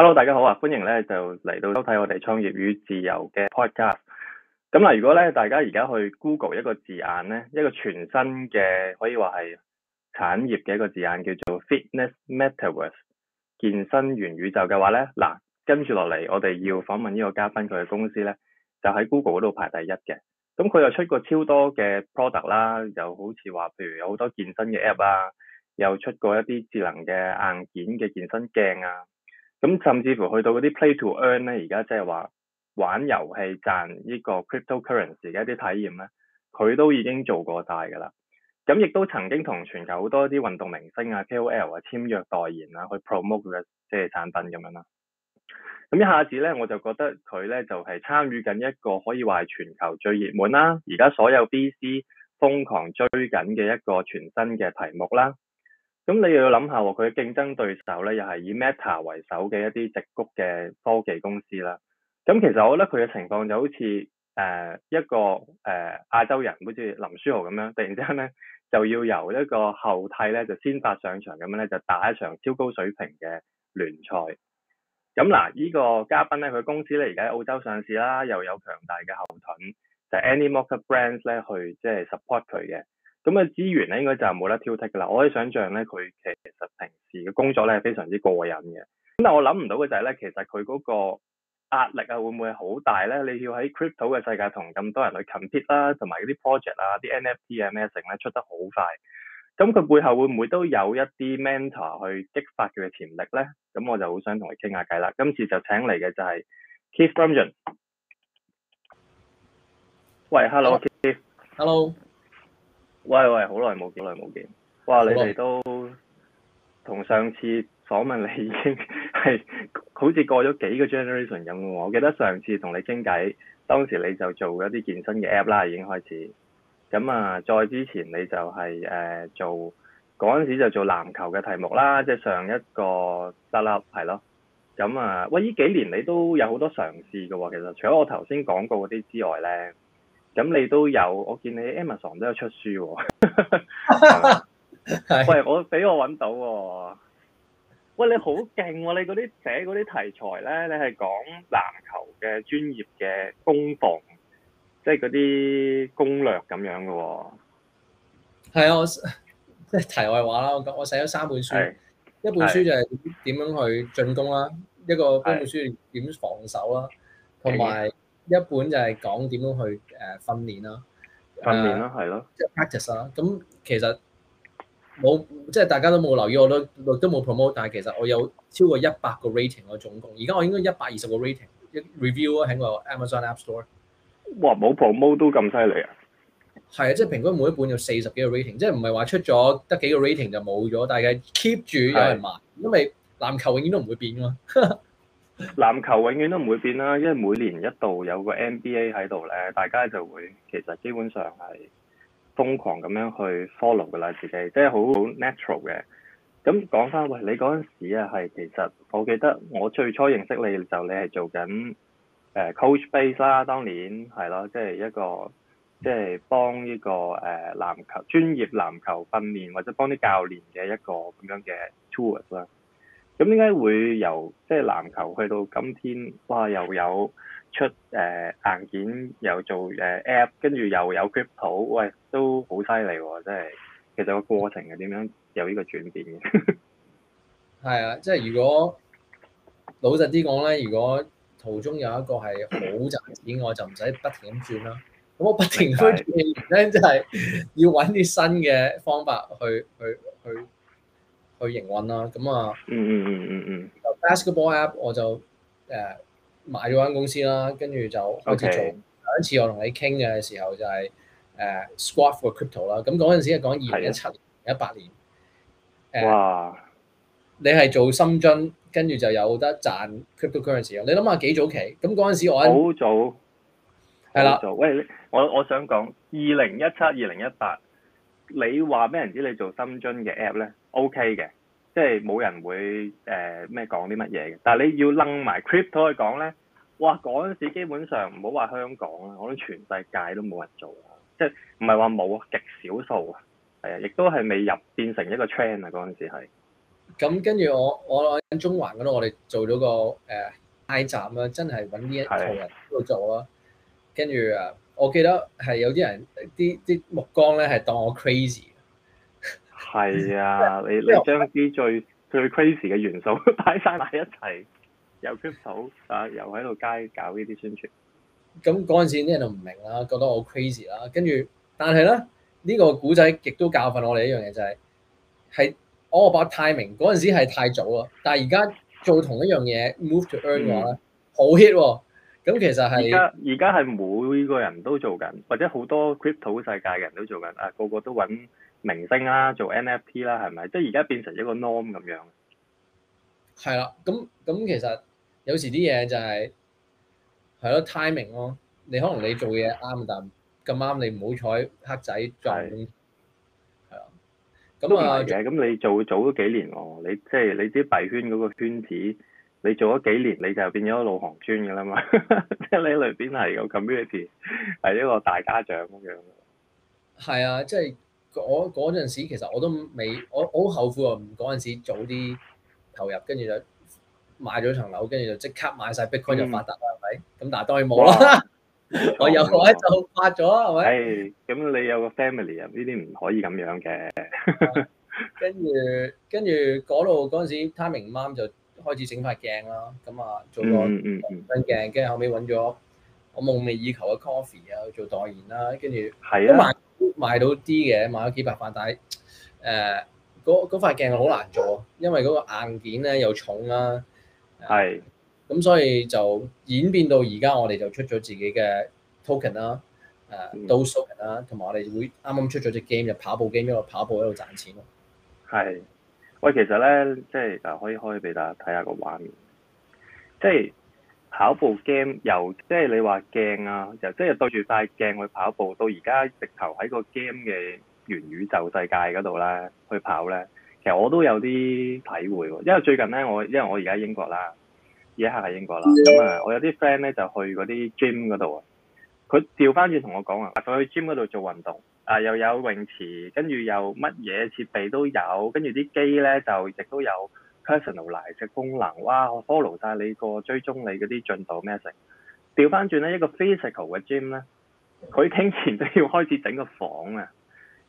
Hello，大家好啊！歡迎咧就嚟到收睇我哋創業與自由嘅 podcast。咁嗱，如果咧大家而家去 Google 一個字眼咧，一個全新嘅可以話係產業嘅一個字眼，叫做 Fitness Metaverse 健身元宇宙嘅話咧，嗱跟住落嚟，我哋要訪問呢個嘉賓佢嘅公司咧，就喺 Google 嗰度排第一嘅。咁佢又出過超多嘅 product 啦，又好似話譬如有好多健身嘅 app 啊，又出過一啲智能嘅硬件嘅健身鏡啊。咁甚至乎去到嗰啲 Play to Earn 咧，而家即係話玩遊戲賺呢個 cryptocurrency 嘅一啲體驗咧，佢都已經做過大㗎啦。咁亦都曾經同全球好多啲運動明星啊、KOL 啊簽約代言啊，去 promote 即係產品咁樣啦。咁一下子咧，我就覺得佢咧就係參與緊一個可以話係全球最熱門啦，而家所有 BC 瘋狂追緊嘅一個全新嘅題目啦。咁你又要諗下喎，佢嘅競爭對手咧，又係以 Meta 為首嘅一啲矽谷嘅科技公司啦。咁其實我覺得佢嘅情況就好似誒、呃、一個誒亞、呃、洲人，好似林書豪咁樣，突然之間咧就要由一個後替咧就先發上場咁樣咧，就打一場超高水平嘅聯賽。咁嗱，呢、這個嘉賓咧，佢公司咧而家喺澳洲上市啦，又有強大嘅後盾，就 Animoca Brands 咧去即係 support 佢嘅。咁嘅資源咧，應該就冇得挑剔噶啦。我可以想象咧，佢其實平時嘅工作咧係非常之過癮嘅。咁但我諗唔到嘅就係咧，其實佢嗰個壓力啊，會唔會好大咧？你要喺 crypto 嘅世界同咁多人去 compete 啦，同埋嗰啲 project 啊、啲 NFT 啊咩成咧出得好快。咁佢背後會唔會都有一啲 mentor 去激發佢嘅潛力咧？咁我就好想同佢傾下偈啦。今次就請嚟嘅就係 Keith Rumjahn。喂，Hello，Keith。Hello。喂喂，好耐冇見，好耐冇見。哇，吧你哋都同上次訪問你已經係好似過咗幾個 generation 咁喎。我記得上次同你傾偈，當時你就做一啲健身嘅 app 啦，已經開始。咁啊，再之前你就係、是、誒、呃、做嗰陣時就做籃球嘅題目啦，即、就、係、是、上一個 startup，係咯。咁啊，喂，呢幾年你都有好多嘗試嘅喎，其實除咗我頭先講過嗰啲之外咧。咁你都有，我見你 Amazon 都有出書、哦。 吧 的喂，我俾我揾到、哦。喂，你好勁、哦！你嗰啲寫嗰啲題材咧，你係講籃球嘅專業嘅攻防，即係嗰啲攻略咁樣嘅、哦。係啊，我即係題外話啦。我我寫咗三本書，的一本書就係點點樣去進攻啦，的一個一本書點防守啦，同埋的。一本就係講點樣去誒訓練啦，訓練啦係咯，即係 practice 啦。咁、啊就是啊、其實冇即係大家都冇留意我都都冇 promote，但係其實我有超過一百個 rating 我總共，而家我應該一百二十個 rating 一 review 喺個 Amazon App Store。哇！冇 promote 都咁犀利啊！係啊，即、就、係、是、平均每一本有四十幾個 rating，即係唔係話出咗得幾個 rating 就冇咗，但係 keep 住有人買，的因為籃球永遠都唔會變嘛。 籃球永遠都唔會變啦，因為每年一度有個 NBA 喺度咧，大家就會其實基本上係瘋狂咁樣去 follow 噶啦，自己即係好好 natural 嘅。咁講翻，喂，你嗰陣時啊，係其實我記得我最初認識你嘅時候，你係做緊誒、呃、Coachbase 啦，當年係咯，即係、就是、一個即係幫呢個誒籃、呃、球專業籃球訓練或者幫啲教練嘅一個咁樣嘅 tools 啦。咁點解會由即係籃球去到今天，哇又有出誒、呃、硬件，又做誒、呃、App，跟住又有 Grip t 喂都好犀利喎！真係，其實個過程係點樣有呢個轉變嘅？係啊，即係如果老實啲講咧，如果途中有一個係好賺錢，我就唔使不停咁轉啦。咁我不停推轉因即係要揾啲新嘅方法去去去。去去去營運啦，咁啊，嗯嗯嗯嗯嗯。Basketball App，我就誒、呃、買咗間公司啦，跟住就開始做。第一 Okay. 次我同你傾嘅時候就係、是、誒、呃啊、Squat for Crypto 啦。咁嗰陣時係講二零一七、一八年。哇！你係做深蹲，跟住就有得賺 cryptocurrency 啊？你諗下幾早期？咁嗰陣時我好早係啦。喂，我我想講二零一七、二零一八，你話咩人知你做深蹲嘅 app 咧？O.K. 嘅，即係冇人會誒咩講啲乜嘢嘅。但係你要擰埋 crypto 去講咧，哇！嗰陣時基本上唔好話香港啦，我諗全世界都冇人做啦。即係唔係話冇啊？極少數啊，係啊，亦都係未入變成一個 chain 啊。嗰陣時係。咁跟住我，我喺中環嗰度，我哋做咗個誒 I 站啦，真係揾呢一羣人喺度做啦。跟住啊，我記得係有啲人啲啲目光咧係當我 crazy。係啊，你你將啲最最 crazy 嘅元素擺晒埋一齊，又 crypto 啊，又喺度街搞呢啲宣傳。咁嗰陣時啲人就唔明啦，覺得我 crazy 啦。跟住，但係咧呢個古仔亦都教訓我哋一樣嘢就係，係我阿伯太明嗰陣時係太早啊。但係而家做同一樣嘢，move to earn 嘅話咧好 hit。咁其實係而家而係每個人都做緊，或者好多 crypto 世界嘅人都做緊啊，個個都揾。明星啦，做 NFT 啦，係咪？即係而家變成一個 norm 咁樣。係啦，咁咁其實有時啲嘢就係、係，係咯 timing 咯。你可能你做嘢啱， 但咁啱你唔好彩黑仔撞。係的啊，都唔係嘅。咁你做早咗幾年哦？你即係你啲幣圈嗰個圈子，你做咗幾年你就變咗老行尊噶啦嘛？即 係你裏邊係個 community，係一個大家長咁樣。係啊，即係。我嗰陣時其實我都未，我好後悔啊！唔嗰陣時早啲投入，跟住就買咗層樓，跟住就即刻買晒 Bitcoin 就發達啦，係咪、嗯？咁但係當佢冇啦，哇 我有我就發咗，係咪？咁、哎、你有個 family 啊？呢啲唔可以咁樣嘅。跟住跟住嗰度嗰時 timing 唔啱，就開始整塊鏡啦。咁、嗯、啊，做個分鏡，跟住後尾揾咗。我夢寐以求嘅 coffee 啊，做代言啦、啊，跟住賣賣、啊、到啲嘅，賣咗幾百塊，但係誒嗰嗰塊鏡好難做，因為嗰個硬件咧又重啦、啊。係是，咁、呃、所以就演變到而家，我哋就出咗自己嘅 token 啦、啊，誒，DOSE token 啦，同埋、嗯、我哋會啱啱出咗隻 game，就跑步 game，一路跑步喺度賺錢咯、啊。係，喂，其實咧，即係啊，可以可以俾大家睇下個畫面，即係。跑步 game 由即係你話鏡啊，由即係對住塊鏡去跑步，到而家直頭喺個 game 嘅元宇宙世界嗰度咧去跑咧，其實我都有啲體會喎。因為最近咧，我因為我而家英國啦，而家係喺英國啦，咁、嗯、啊，我有啲 friend 咧就去嗰啲 gym 嗰度啊，佢調翻轉同我講啊，佢去 gym 嗰度做運動啊，又有泳池，跟住又乜嘢設備都有，跟住啲機咧就亦都有。personalize 嘅功能，哇，我 follow 曬 fo 你個追蹤你嗰啲進度咩成？調翻轉咧，一個 physical 嘅 gym 咧，佢傾前都要開始整個房啊，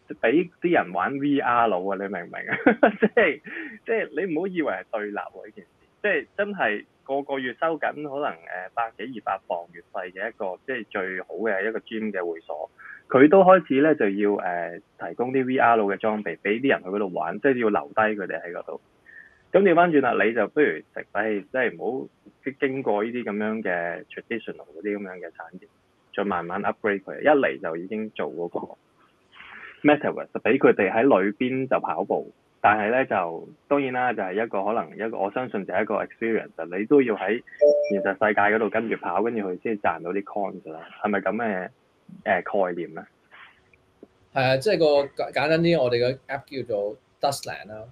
就俾啲人玩 VR 佬啊，你明唔明 啊？即係即係你唔好以為係對立喎呢件事，即係真係個個月收緊可能誒百幾二百磅月費嘅一個即係最好嘅一個 gym 嘅會所，佢都開始咧就要誒、呃、提供啲 VR 嘅裝備俾啲人去嗰度玩，即係要留低佢哋喺嗰度。咁調翻轉啦，你就不如食，唉，即係唔好即係經過呢啲咁樣嘅 traditional 嗰啲咁樣嘅產業，再慢慢 upgrade 佢。一嚟就已經做嗰個 metaverse 俾佢哋喺裏邊就跑步。但係咧就當然啦，就係、是、一個可能一個我相信就係一個 experience，你都要喺現實世界嗰度跟住跑，跟住佢先賺到啲 coins 啦。係咪咁嘅誒概念咧？係啊、嗯，即係個簡單啲，我哋嘅 app 叫做 Dustland 啦。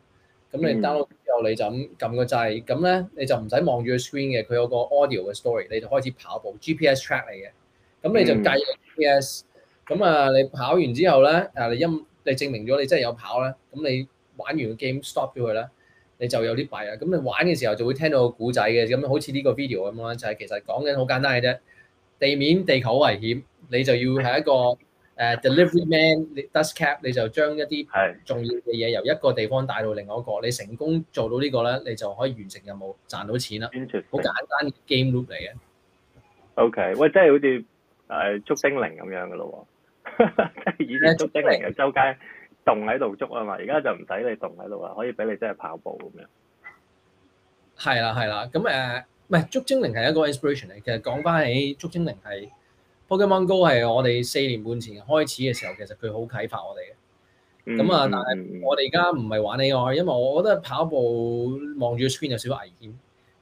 咁你 download。之後你就咁撳個掣，咁咧你就唔使望住個 screen 嘅，佢有個 audio 嘅 story，你就開始跑步，GPS track 嚟嘅，咁你就計 GPS。咁啊，你跑完之後咧，啊你音你證明咗你真係有跑啦。咁你玩完個 game stop 咗佢啦，你就有啲幣啊。咁你玩嘅時候就會聽到個古仔嘅，咁好似呢個 video 咁啦，就係、是、其實講緊好簡單嘅啫。地面地球危險，你就要係一個。誒、uh, delivery man，你 dust cap，你就將一啲重要嘅嘢的由一個地方帶到另外一個，你成功做到呢、呢個咧，你就可以完成任務，賺到錢啦。好 Interesting. 簡單嘅 game loop 嚟嘅。OK，喂，真係好似誒捉精靈咁樣嘅咯喎，以前捉精靈啊，周街動喺度捉啊嘛，而家就唔使你動喺度啦，可以俾你真係跑步咁樣。係啦，係啦，咁誒，唔係捉精靈係一個 inspiration 嚟，其實講返起捉精靈係。Pokemon Go 係我哋四年半前開始嘅時候，其實佢好啟發我哋嘅。咁啊、嗯，但係我哋而家唔係玩 AI，因為我覺得跑步望住 screen 有少少危險，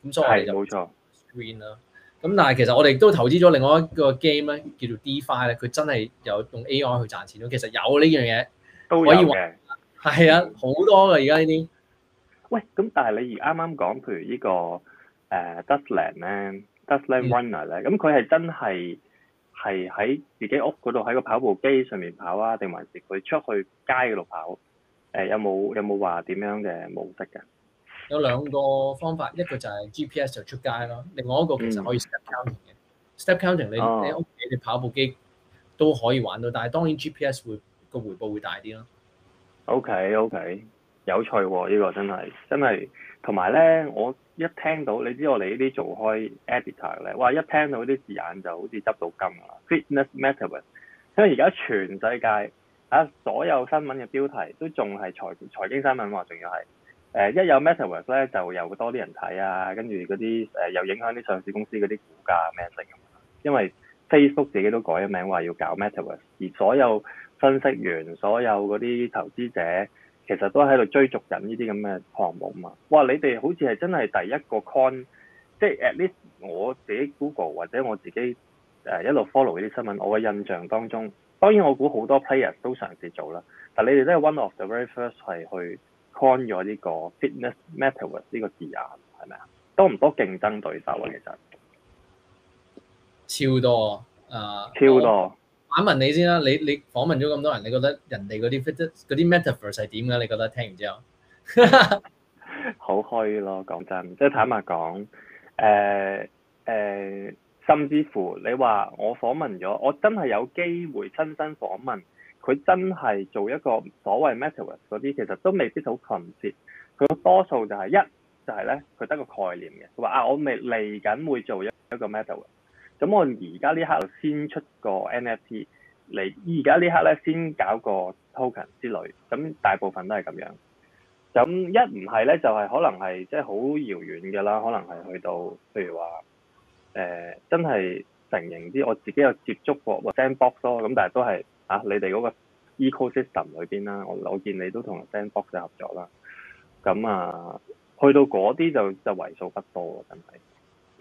咁的所以我哋就冇錯 screen 啦。咁但係其實我哋都投資咗另外一個 game 咧，叫做 Defy 咧，佢真係有用 AI 去賺錢咯。其實有呢樣嘢都可以玩，係啊，好多嘅而家呢啲。喂，咁但係你而啱啱講，譬如呢個誒 Dustland 咧，Dustland Runner 咧，咁佢係真係。係喺自己屋嗰度喺個跑步機上面跑啊，定還是佢出去街嗰度跑？誒、呃、有冇有冇話點樣嘅模式㗎？有兩個方法，一個就係 GPS 就出街咯，另外一個其實可以 step counting 嘅、嗯、step counting 你你屋企嘅跑步機都可以玩到，哦、但係當然 GPS 會個回報會大啲咯。OK OK，有趣喎、哦、呢、呢個真係真係。同埋咧，我一聽到你知道我哋呢啲做開 editor 咧，哇！一聽到啲字眼就好似執到金啦，fitness metaverse。因為而家全世界啊，所有新聞嘅標題都仲係財財經新聞嘛、啊，仲要係誒、呃、一有 metaverse 咧，就有多啲人睇啊，跟住嗰啲誒又影響啲上市公司嗰啲股價咩、啊、成，因為 Facebook 自己都改咗名話要搞 metaverse，而所有分析員、所有嗰啲投資者，其實都喺度追逐緊呢啲咁嘅項目啊嘛，哇！你哋好似係真係第一個 coin，即係 at least 我自己 Google 或者我自己誒、uh，一路 follow 呢啲新聞，我嘅印象當中，當然我估好多 players 都嘗試做啦，但你哋都係 one of the very first 係去 coin 咗呢個 fitness metaverse 呢個字眼，係咪啊？多唔多競爭對手啊？其實超多啊，超多。Uh，超多。我問你先啦，你你訪問咗咁多人，你覺得人哋嗰啲嗰啲 metaverse 係點噶？你覺得聽完之後，好虛咯，講真，即係坦白講，誒、呃、誒、呃，甚至乎你話我訪問咗，我真係有機會親身訪問佢，真係做一個所謂 metaverse 嗰啲，其實都未必好近切。佢多數就係一就係咧，佢得個概念嘅。佢話啊，我未嚟緊會做一一個 metaverse，咁我而家呢刻先出個 NFT，嚟而家呢刻咧先搞個 token 之類，咁大部分都係咁樣。咁一唔係咧，就係、是、可能係即係好遙遠嘅啦，可能係去到譬如話，誒、呃、真係成認成形啲我自己有接觸過 sandbox 咯，咁但係都係啊你哋嗰個 ecosystem 裏邊啦。我我見你都同 sandbox 合作啦。咁啊，去到嗰啲就就為數不多，真係。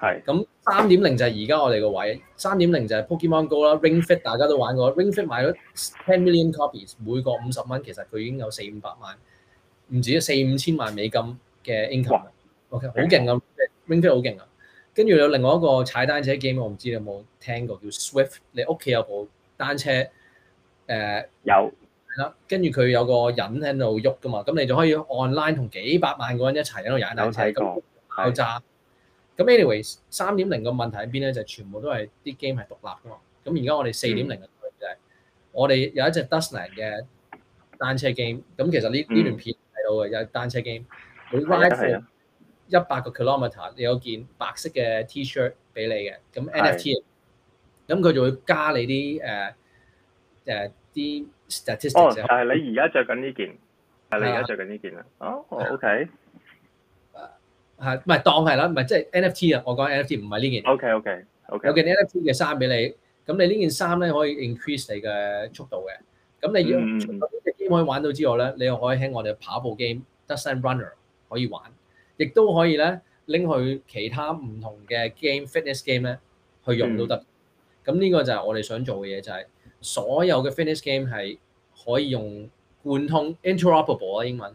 係，咁三點零就係而家我哋個位，三點零就係 Pokemon Go 啦，Ring Fit 大家都玩過，Ring Fit 買咗 ten million copies，每個五十蚊，其實佢已經有四五百萬，唔止啊四五千萬美金嘅 income，OK 哇、okay，好勁啊，Ring Fit 好勁啊，跟住有另外一個踩單車 game，我唔知你有冇聽過叫 Swift，你屋企有部單車？誒、呃、有，跟住佢有個人喺度喐㗎嘛，咁你就可以 online 同幾百萬個人一齊喺度踩單車，咁爆炸。咁 anyways，三點零嘅問題喺邊咧？就係、是、全部都係啲 game 係獨立嘅嘛。咁而家我哋四點零嘅就係、是嗯、我哋有一隻 Dustland 嘅單車 game。咁其實呢呢、嗯、段片睇到嘅有單車 game，每 l i 一百個 kilometer，你有件白色嘅 T-shirt 俾你嘅。咁 NFT，咁佢就會加你啲誒誒啲 statistics、哦。但就係你而家着緊呢件，係的你而家着緊呢件啦。哦的、啊 oh,，OK。係，唔係當係啦，唔係即係 NFT 啊！就是、FT, 我講 NFT 唔係呢件。OK OK OK。有件 NFT 嘅衫俾你，咁你呢件衫咧可以 increase 你嘅速度嘅。咁你除咗呢隻 game 可以玩到之外咧，嗯、你又可以喺我哋跑步 game Dustland Runner 可以玩，亦都可以咧拎去其他唔同嘅 game，fitness game 咧去用都得。咁呢、嗯、個就係我哋想做嘅嘢，就係、是、所有嘅 fitness game 係可以用互通，通 interoperable 啊英文。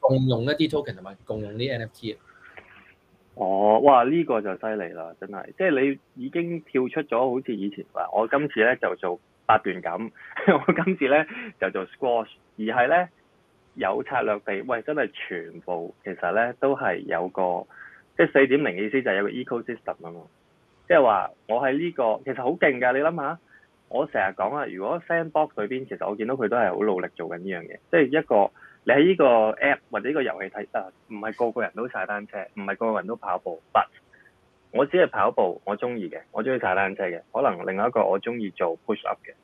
共用一啲 token 同埋共用啲 NFT 啊！哦，哇！呢個就犀利啦，真係即係你已經跳出咗，好似以前話我今次咧就做八段咁，我今次咧就做 squash，而係咧有策略地喂，真係全部其實咧都係有個即係四點零意思，就係有個 ecosystem 啊嘛，即係話我喺呢個其實好勁㗎。你諗下，我成日講啊，如果 Sandbox 裏邊，其實我見到佢都係好努力做緊呢樣嘢，即係一個。你喺呢個 app 或者呢個遊戲睇啊，唔係個個人都踩單車，唔係個個人都跑步。But 我只係跑步，我中意嘅，我中意踩單車嘅。可能另外一個我中意做 push up 嘅。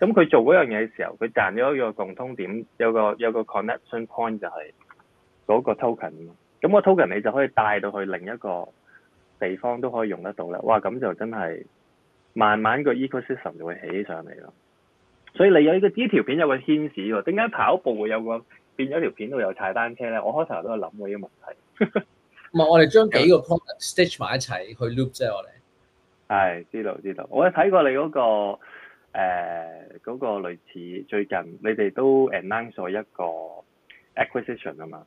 咁、嗯、佢做嗰樣嘢嘅時候，佢賺咗一個共通點，有個有個 connection point 就係嗰個 token、嗯。咁、個 token 你就可以帶到去另一個地方都可以用得到咧。哇，咁就真係慢慢個 ecosystem 就會起上嚟咯。所以你有呢、呢個呢條片有個牽涉喎，點解跑步會有個？變咗條片度有踩單車咧，我開頭都有諗過呢個問題。唔 係、嗯，我哋將幾個 product stitch 埋一齊去 loop 啫，嗯、我哋們。係，知道知道。我有睇過你嗰、那個誒嗰、呃那個類似最近你哋都 announce 咗一個 acquisition 啊嘛，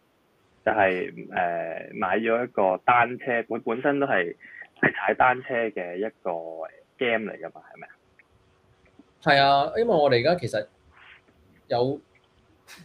就係、是、誒、呃、買咗一個單車，本本身都係係踩單車嘅一個 game 嚟㗎嘛，係咪啊？係啊、嗯，因為我哋而家其實有。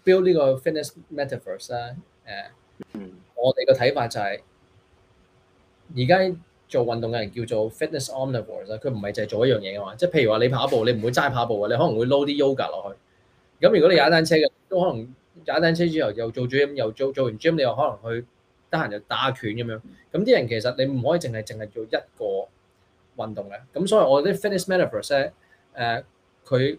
Build 呢個 fitness metaverse 咧、mm，誒、hmm.，我哋個睇法就係、是，而家做運動嘅人叫做 fitness omnivores 啦，佢唔係淨係做一樣嘢嘅嘛，即係譬如話你跑步，你唔會齋跑步嘅，你可能會撈啲 yoga 落去。咁如果你踩單車嘅，都可能踩單車之後又做 gym 又做，做完 gym 你又可能去得閒就打拳咁樣，咁啲人其實你唔可以淨係淨係做一個運動嘅，咁所以我啲 fitness metaverse 咧，誒，佢。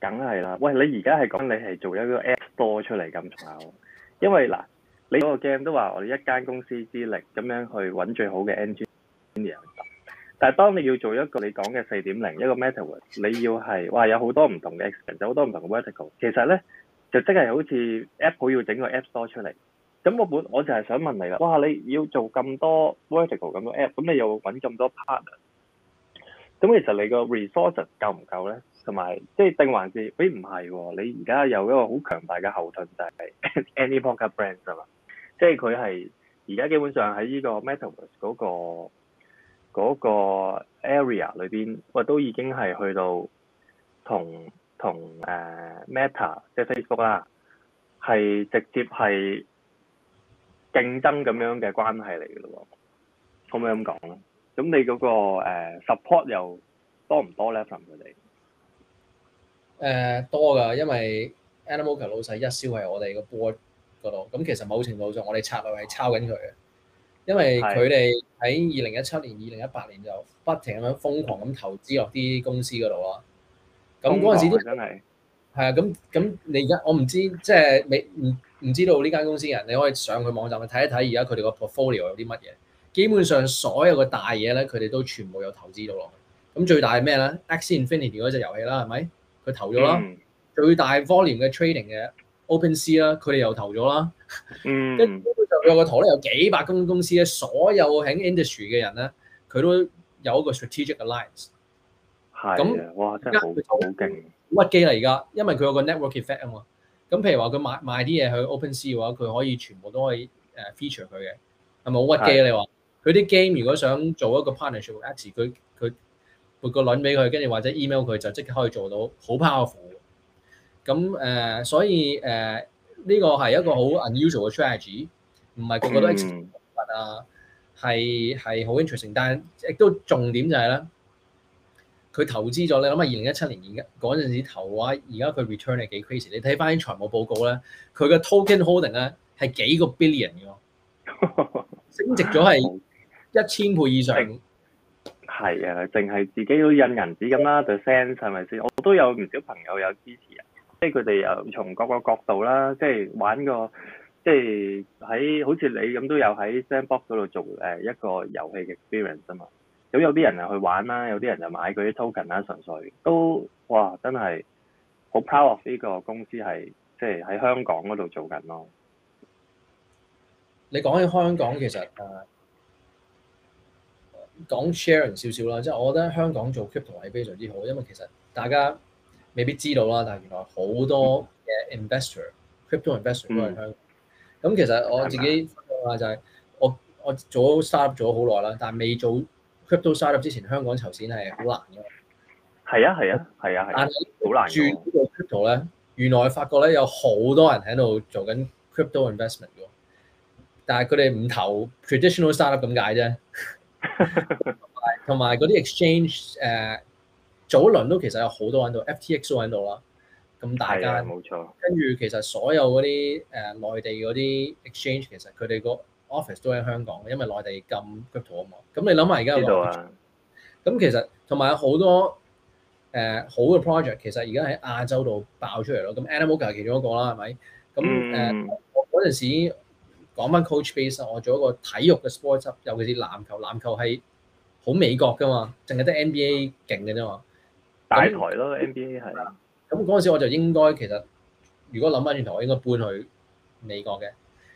梗係啦，喂，你而家係講你係做一個 App Store 出嚟，咁重要，因為嗱，你嗰個 game 都話我哋一間公司之力咁樣去揾最好嘅 engineer，但係當你要做一個你講嘅四點零一個 Metaverse，你要係哇，有好多唔同嘅 expert，有好多唔同嘅 Vertical，其實咧就即係好似 Apple 要整個 App Store 出嚟。咁我本我就係想問你啦，哇，你要做咁多 Vertical 咁多 App，咁你又揾咁多 partner，咁其實你個 resource 夠唔夠咧？同埋即係定還是？誒唔係喎，你而家有一個好強大嘅後盾就係 Animoca Brands 啊嘛，即係佢係而家基本上喺呢個 Metaverse 嗰個嗰個 area 裏邊，喂，都已經係去到同同誒 Meta 即係 Facebook 啦，係直接係競爭咁樣嘅關係嚟嘅喎，可唔可以咁講咧？咁你嗰個 support 又多唔多咧？從佢哋？誒、呃、多㗎，因為 Animoca 老細一燒係我哋個波嗰度，咁其實某程度上我哋策略係抄緊佢嘅，因為佢哋喺二零一七年、二零一八年就不停咁樣瘋狂咁投資落啲公司嗰度咯。咁嗰陣時啲係啊，咁咁是你而家我唔知，即係你唔唔知道呢間、就是、公司嘅，你可以上佢網站去睇一睇而家佢哋個 portfolio 有啲乜嘢。基本上所有嘅大嘢咧，佢哋都全部有投資到落去。咁最大係咩咧？Axie Infinity 嗰隻遊戲啦，係咪？佢投咗啦，嗯、最大 volume 嘅 trading 嘅 OpenSea 啦，佢哋又投咗啦，跟住就有個圖咧，有幾百間公司咧，所有喺 industry 嘅人咧，佢都有一個 strategic alliance。係啊，哇！真係好勁，屈機而家，因為佢有個 network effect 啊嘛。咁譬如話佢買買啲嘢去 OpenSea 嘅話，佢可以全部都可以誒 feature 佢嘅，係咪好屈機的你話佢啲 game 如果想做一個 partnership，with 佢佢。撥個輪俾佢，跟住或者 email 佢就即刻可以做到好 powerful。咁誒、呃，所以誒呢、呃呢個係一個好 unusual 嘅 strategy，唔係個，個個都 exponential 啊，係係好 interesting。interesting，但亦都重點就係、是、咧，佢投資咗你諗下，二零一七年而家嗰陣時投嘅話，而家佢 return 係幾 crazy，你睇翻啲財務報告咧，佢嘅 token holding 咧係幾個 billion 㗎喎，升值咗係一千倍以上。 係啊，淨係自己都印銀紙咁啦，就 send 係咪先？我都有唔少朋友有支持啊，即係佢哋有從各個角度啦，即係玩過即係喺好似你咁都有喺 sandbox 嗰度做誒一個遊戲嘅 experience 啊嘛。咁有啲人啊去玩啦，有啲人就買嗰啲 token 啦，純粹都哇，真係好 power 呢個公司係即係喺香港嗰度做緊咯。你講起香港其實誒。講 sharing 少少啦，即係我覺得香港做 crypto 係非常之好，因為其實大家未必知道啦，但係原來好多嘅 investor，crypto investor 都係香港。咁，嗯，其實我自己話就係我我做咗 startup 做咗好耐啦，但係未做 crypto startup 之前，香港籌錢係好難㗎。係啊係啊係啊係啊，係啊，好難㗎。轉呢個 crypto 咧，原來發覺咧有好多人喺度做緊 crypto investment 㗎，但係佢哋唔投 traditional startup 咁解啫。同埋嗰啲 exchange 誒，早一輪都其實有好多喺度，FTX 都喺度啦，咁大間。係啊，冇錯。啊、跟住其實所有嗰啲誒內地嗰啲 exchange，其實佢哋個 office 都喺香港，因為內地咁 crypto 嘛。咁你諗下而家，咁其實同埋有多、呃、好多誒好嘅 project，其實而家喺亞洲度爆出嚟咯。咁 Animoca 係其中一個啦，係咪？咁誒，嗰、呃、陣時。嗯講翻 Coachbase 我做一個體育嘅 sports 尤其是籃球，籃球係好美國㗎嘛，淨係得 NBA 勁嘅啫嘛，大台咯 NBA 係。咁嗰陣時我就應該其實，如果諗翻轉頭，我應該搬去美國嘅。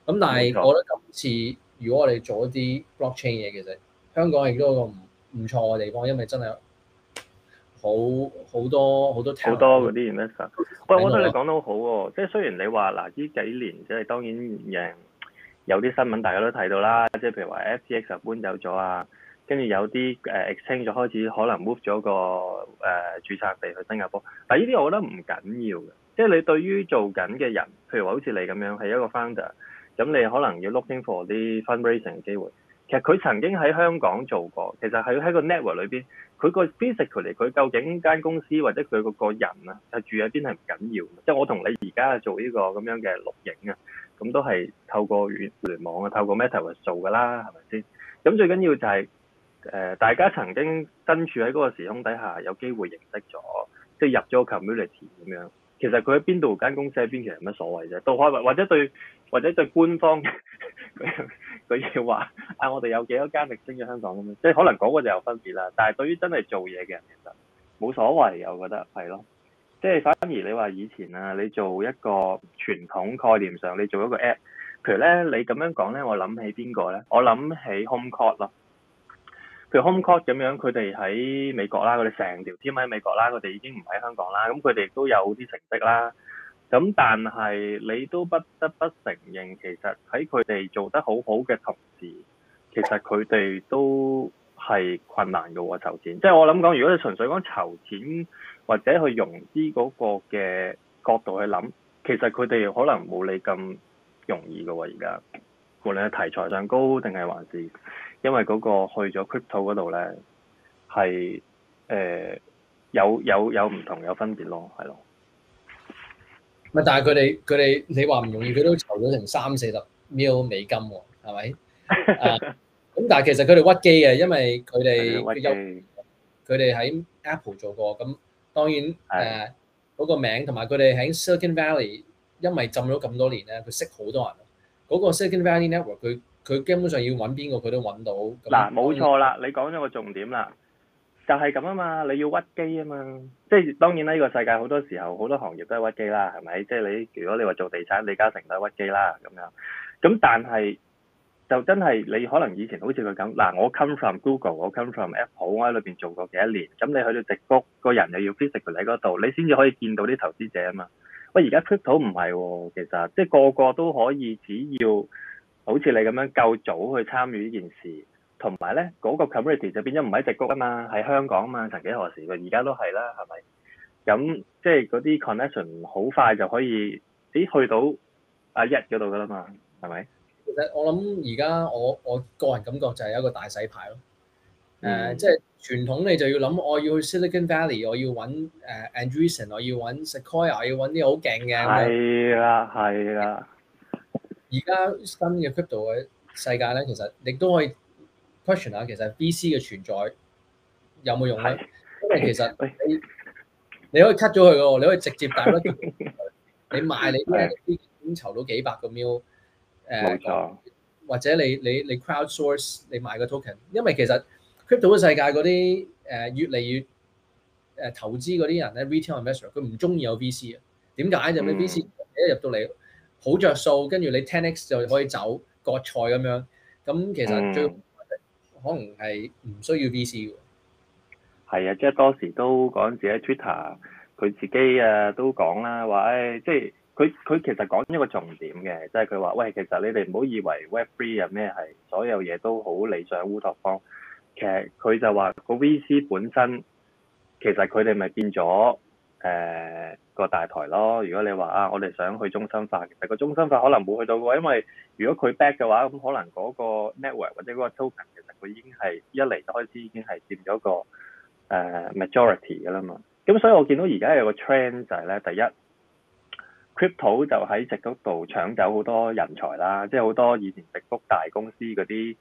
咁但係我覺得今次如果我哋做一啲 blockchain 嘢，其實香港亦都有一個唔唔錯嘅地方，因為真係好好多好多 town, 好多嗰啲 i n 我覺得你講得好喎、啊，即係雖然你話嗱呢幾年即係當然贏。有啲新聞大家都睇到啦，即係譬如話 FTX 搬走咗啊，跟住有啲誒 exchange 就開始可能 move 咗個誒、呃、註冊地去新加坡。但係呢啲我覺得唔緊要嘅，即係你對於做緊嘅人，譬如話好似你咁樣係一個 founder，咁你可能要 looking for 啲 fundraising 嘅機會。其實佢曾經喺香港做過，其實喺喺個 network 裏邊，佢個 basically 佢究竟間公司或者佢個個人啊，係住喺邊係唔緊要。即係我同你而家做呢個咁樣嘅錄影啊。咁、嗯、都係透過互聯網啊，透過 Meta 去做㗎啦，係咪先？咁、嗯、最緊要就係、是、誒、呃，大家曾經身處喺嗰個時空底下，有機會認識咗，即係入咗個 Community 咁樣。其實佢喺邊度間公司喺邊，其實冇乜所謂啫。到開或者對，或者對官方佢 要話啊，我哋有幾多間力升咗香港咁樣，即係可能嗰個就有分別啦。但係對於真係做嘢嘅人，其實冇所謂，我覺得係咯。即係反而你話以前啊，你做一個傳統概念上，你做一個 app，譬如咧，你咁樣講咧，我諗起邊個咧？我諗起 HomeCourt 咯。譬如 HomeCourt 咁樣，佢哋喺美國啦，佢哋成條 team 喺美國啦，佢哋已經唔喺香港啦。咁佢哋都有啲成績啦。咁但係你都不得不承認其，其實喺佢哋做得好好嘅同時，其實佢哋都係困難嘅喎，籌錢。即係我諗講，如果你純粹講籌錢或者去融資嗰個嘅角度去諗，其實佢哋可能冇你咁容易嘅喎，而家無論係題材上高定係還是，還是因為嗰個去咗 crypto 嗰度咧，係誒、呃、有有有唔同有分別咯，係咯。唔係，但係佢哋佢哋，你話唔容易，佢都籌咗成三四十 million 美金喎，係咪？咁但係其實佢哋屈機嘅，因為佢哋有佢哋喺 Apple 做過，咁當然誒嗰個名同埋佢哋喺 Silicon Valley，因為浸咗咁多年咧，佢識好多人。嗰個 Silicon Valley network，佢佢基本上要揾邊個佢都揾到。嗱，冇錯啦，你講咗個重點啦，就係咁啊嘛，你要屈機啊嘛。即係當然啦，呢個世界好多時候好多行業都係屈機啦，係咪？即係你如果你話做地產，李嘉誠都係屈機啦咁樣。咁但係就真係你可能以前好似佢咁嗱，我 come from Google，我 come from Apple，我喺裏邊做過幾多年。咁你去到矽谷，個人又要 physical 喺嗰度，你先至可以見到啲投資者啊嘛。喂，而家 Twitter 唔係喎，其實即係個個都可以，只要好似你咁樣夠早去參與呢件事，同埋咧嗰個 community 就變咗唔喺矽谷啊嘛，喺香港啊嘛，曾幾何時佢而家都係啦，係咪？咁即係嗰啲 connection 好快就可以，誒去到阿一嗰度噶啦嘛，係咪？我諗而家我我個人感覺就係一個大洗牌咯，誒，uh, 即係傳統你就要諗我要去 Silicon Valley，我要搵誒 Andreessen，r 我要搵 Sequoia，我要搵啲好勁嘅。係啦，係啦。而家新嘅 crypto 嘅世界咧，其實你都可以 question 下，其實 VC 嘅存在有冇用咧？的因為其實你， 你可以 cut 咗佢噶，你可以直接大家 你賣的你啲 coin 籌到幾百個 mil。誒，冇錯，或者你你你 crowdsource 你買個 token，因為其實 crypto 嘅世界嗰啲誒越嚟越誒投資嗰啲人咧 retail investor，佢唔中意有 VC 啊？點解就咩 VC 一入到嚟好着數，跟住你 ten x 就可以走割菜咁樣，咁、嗯、其實最可能係唔需要 VC 嘅。係啊，即係當時都講自己 Twitter 佢自己啊都講啦，話誒、哎、即係。佢佢其實講一個重點嘅，即係佢話：喂，其實你哋唔好以為 Web3 有咩係所有嘢都好理想烏托邦。其實佢就話個 VC 本身，其實佢哋咪變咗誒個大台咯。如果你話啊，我哋想去中心化，其實個中心化可能冇去到喎，因為如果佢 back 嘅話，咁可能嗰個 network 或者嗰個 token 其實佢已經係一嚟就開始已經係佔咗個誒、呃、majority 噶啦嘛。咁所以我見到而家有個 trend 就係、是、咧，第一。Crypto 就喺直督矽谷度搶走好多人才啦，即係好多以前矽谷大公司嗰啲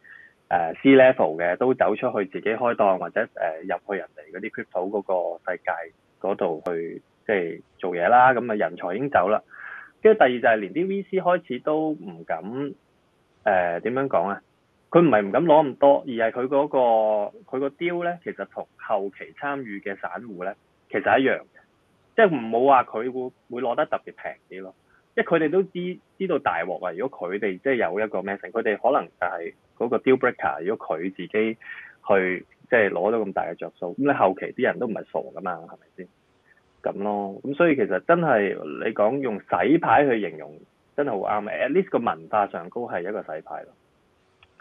誒 C level 嘅都走出去自己開檔或者誒入、呃、去人哋啲 Crypto 嗰個世界嗰度去即係做嘢啦，咁啊人才已經走啦。跟住第二就係連啲 VC 開始都唔敢誒點、呃、樣講啊？佢唔係唔敢攞咁多，而係佢嗰個佢個 deal 咧，其實同後期參與嘅散戶咧其實一樣。即係唔好話佢會會攞得特別平啲咯，即係佢哋都知知道大鑊啊！如果佢哋即係有一個 m e 佢哋可能就係嗰個 deal breaker。如果佢自己去即係攞到咁大嘅着數，咁你後期啲人都唔係傻噶嘛，係咪先？咁咯，咁所以其實真係你講用洗牌去形容真係好啱，at least 個文化上高係一個洗牌咯。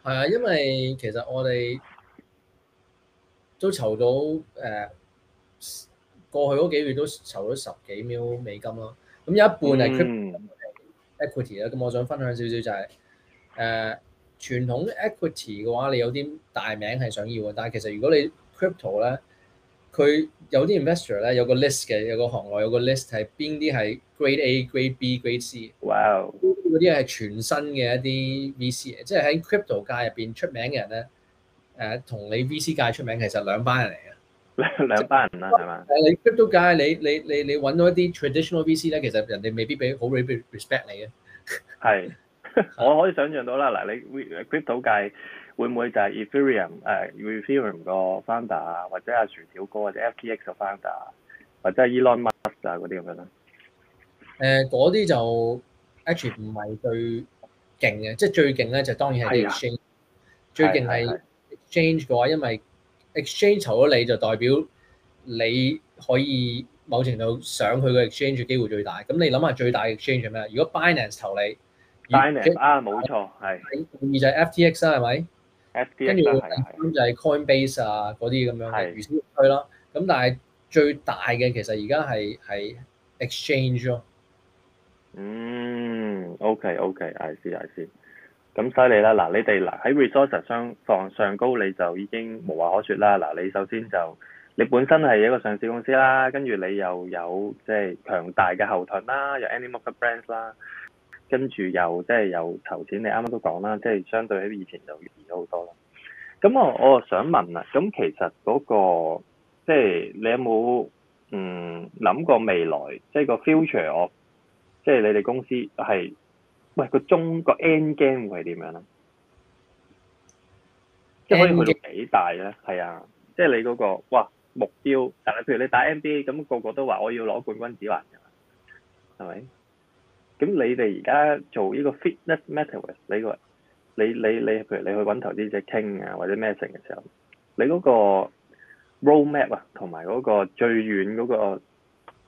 係啊，因為其實我哋都籌到誒。Uh, 過去嗰幾月都籌咗十幾 million 美金咯，咁有一半係 crypto equity 啦，咁我想分享少少就係、是、誒、呃、傳統 equity 嘅話，你有啲大名係想要嘅，但係其實如果你 crypto 咧，佢有啲 investor 咧有個 list 嘅，有個行外有個 list 係邊啲係 grade A grade B grade C，哇！嗰啲係全新嘅一啲 VC，即係喺 crypto 界入邊出名嘅人咧，誒、呃、同你 VC 界出名其實兩班人嚟嘅。兩班人啦，係嘛？誒，你 crypto 界，你你你你揾到一啲 traditional VC 咧，其實人哋未必俾好 respect 你嘅。係，我可以想象到啦。嗱，你 crypto 界會唔會就係 Ethereum，誒、Ethereum 個 founder 啊，或者阿薯條哥或者 FTX 個 founder 啊，或者係 Elon Musk 啊嗰啲咁樣咧？誒，嗰啲就 H 唔係最勁嘅，即係最勁咧就當然係 exchange。最勁係 exchange 嘅話，因為 Exchange 投咗你就代表你可以某程度上佢嘅 Exchange 機會最大。咁你諗下最大嘅 Exchange 係咩？如果 Binance 投你，Binance 啊，冇錯，第二就係 FTX 啦，係咪？跟住就係 Coinbase 啊嗰啲咁樣嘅，餘先區咯。咁但係最大嘅其實而家係係 Exchange 咯。嗯，OK OK，I see I see。咁犀利啦！嗱，你哋嗱喺 resources 上放上高，你就已經無話可說啦。嗱，你首先就你本身係一個上市公司啦，跟住你又有即係強大嘅後盾啦，有 Animoca Brands 啦，跟住又即係有頭先你啱啱都講啦，即係相對喺以前就易咗好多啦。咁我我啊想問啊，咁其實嗰、那個即係、就是、你有冇嗯諗過未來，即、就、係、是、個 future，我即係你哋公司係。喂，個中個 end game 會係點樣咧？End game. 即係可以去到幾大咧？係啊，即係你嗰、那個哇目標，但係譬如你打 NBA 咁，個個都話我要攞冠軍指環，係咪？咁你哋而家做呢個 fitness metaverse 你呢個，你你你譬如你去揾投資者傾啊或者咩成嘅時候，你嗰個 road map 啊同埋嗰個最遠嗰、那個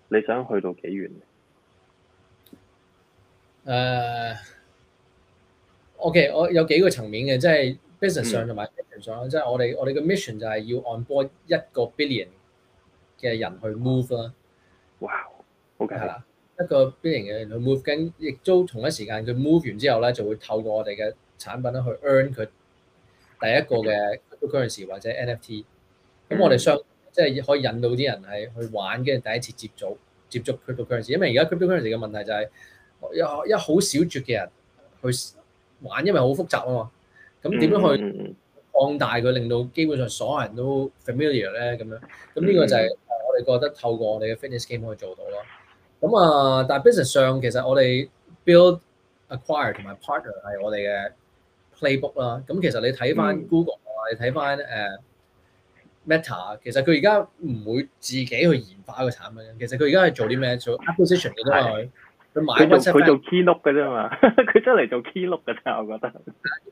你想去到幾遠？誒、uh，OK，我有幾個層面嘅，即、就、係、是、business 上同埋技術上即係、嗯、我哋我哋嘅 mission 就係要 onboard 一個 billion 嘅人去 move 啦。哇 Wow，OK，係啦，一個 billion 嘅人去 move 緊，亦都同一時間佢 move 完之後咧，就會透過我哋嘅產品咧去 earn 佢第一個嘅 cryptocurrency 或者 NFT。咁、嗯、我哋相即係可以引導啲人係去玩，跟住第一次接觸接觸 cryptocurrency。因為而家 cryptocurrency 嘅問題就係、是。有一好少絕嘅人去玩，因為好複雜啊嘛。咁點樣去放大佢，令到基本上所有人都 familiar 咧？咁樣，咁呢個就係我哋覺得透過我哋嘅 fitness game 可以做到咯。咁啊，但係 business 上其實我哋 build acquire，我、acquire 同埋 partner 係我哋嘅 playbook 啦。咁其實你睇翻 Google 啊，mm，你睇翻誒 Meta，其實佢而家唔會自己去研發一個產品。其實佢而家係做啲咩？做 acquisition 嘅都係。佢做佢做 keynote 嘅啫嘛，佢出嚟做 keynote 嘅啫，我覺得。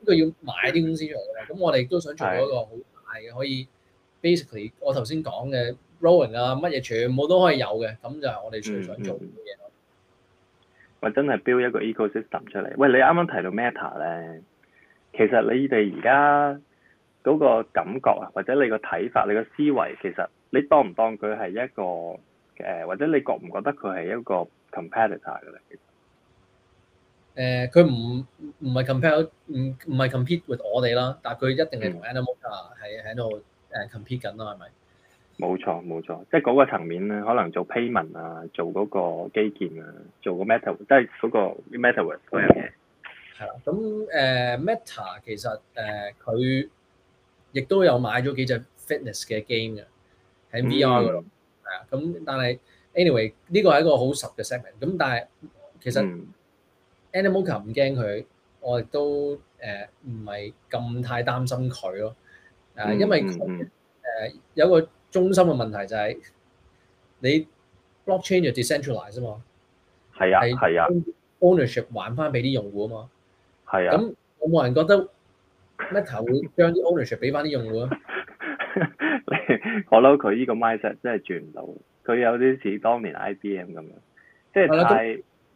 佢要買啲公司出嚟，咁我哋都想做一個好大嘅，可以 basically 我頭先講嘅 rowing 啊乜嘢全部都可以有嘅，咁就係我哋最想做嘅嘢囉。我真係 build 一個 ecosystem 出嚟。喂，你啱啱提到 Meta 咧，其實你哋而家嗰個感覺啊，或者你個睇法、你個思維，其實你當唔當佢係一個誒，或者你覺唔覺得佢係一個？competitor 㗎啦，誒佢唔唔係 compete 唔唔係 compete with 我哋啦，但係佢一定係同 Animoca 係喺度誒 compete 緊咯，係咪？冇錯冇錯，即係嗰個層面咧，可能做 payment 啊，做嗰個基建啊，做個 meta，即係嗰個 meta 嗰樣嘢。係啦，咁誒 meta 其實誒佢亦都有買咗幾隻 fitness 嘅 game 嘅喺 VR 嗰度，係啊，咁但係。anyway 呢個係一個好實嘅 segment，咁但係其實 Animoca 唔驚佢，我亦都誒唔係咁太擔心佢咯，誒因為誒有一個中心嘅問題就係、是、你 blockchain 係 decentralize 啊嘛，係啊係啊，ownership 還翻俾啲用戶啊嘛，係啊，咁我冇人覺得 Meta 會將啲 ownership 俾翻啲用戶啊？ 我嬲佢呢個 mindset 真係轉唔到。佢有啲似當年 IBM 咁樣，即係，係的太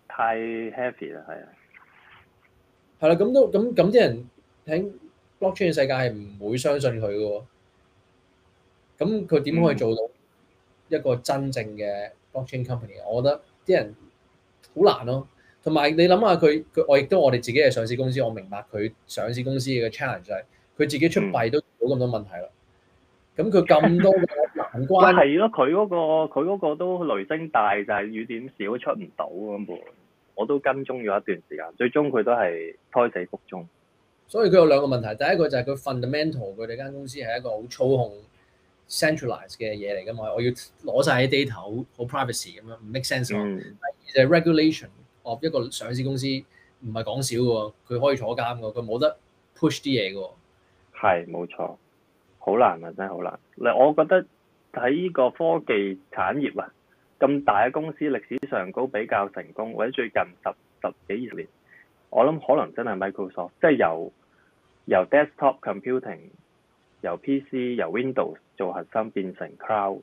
太 happy 啦，係啊，係啦，咁都咁咁啲人喺 Blockchain 世界係唔會相信佢嘅，咁佢點可以做到一個真正嘅 Blockchain company？Mm. 我覺得啲人好難咯，啊。同埋你諗下佢佢，我亦都我哋自己嘅上市公司，我明白佢上市公司嘅 challenge 係，佢自己出幣都冇咁多問題咯。咁佢咁多。 喂，係咯、嗯，佢嗰、那個佢嗰個都雷聲大，就係、是、雨點少，出唔到咁喎。我都跟蹤咗一段時間，最終佢都係胎死腹中。所以佢有兩個問題，第一個就係佢 fundamental，佢哋間公司係一個好操控 centralized 嘅嘢嚟㗎嘛，我要攞晒啲 data，好 privacy 咁樣，唔 make sense 喎、嗯。第二就係 regulation，of 一個上市公司唔係講少㗎喎，佢可以坐監㗎，佢冇得 push 啲嘢㗎。係冇錯，好難啊，真係好難。嗱，我覺得。喺呢個科技產業啊，咁大嘅公司歷史上都比較成功，或者最近十十幾二十年，我諗可能真係 Microsoft，即係由由 desktop computing，由 PC 由 Windows 做核心變成 cloud，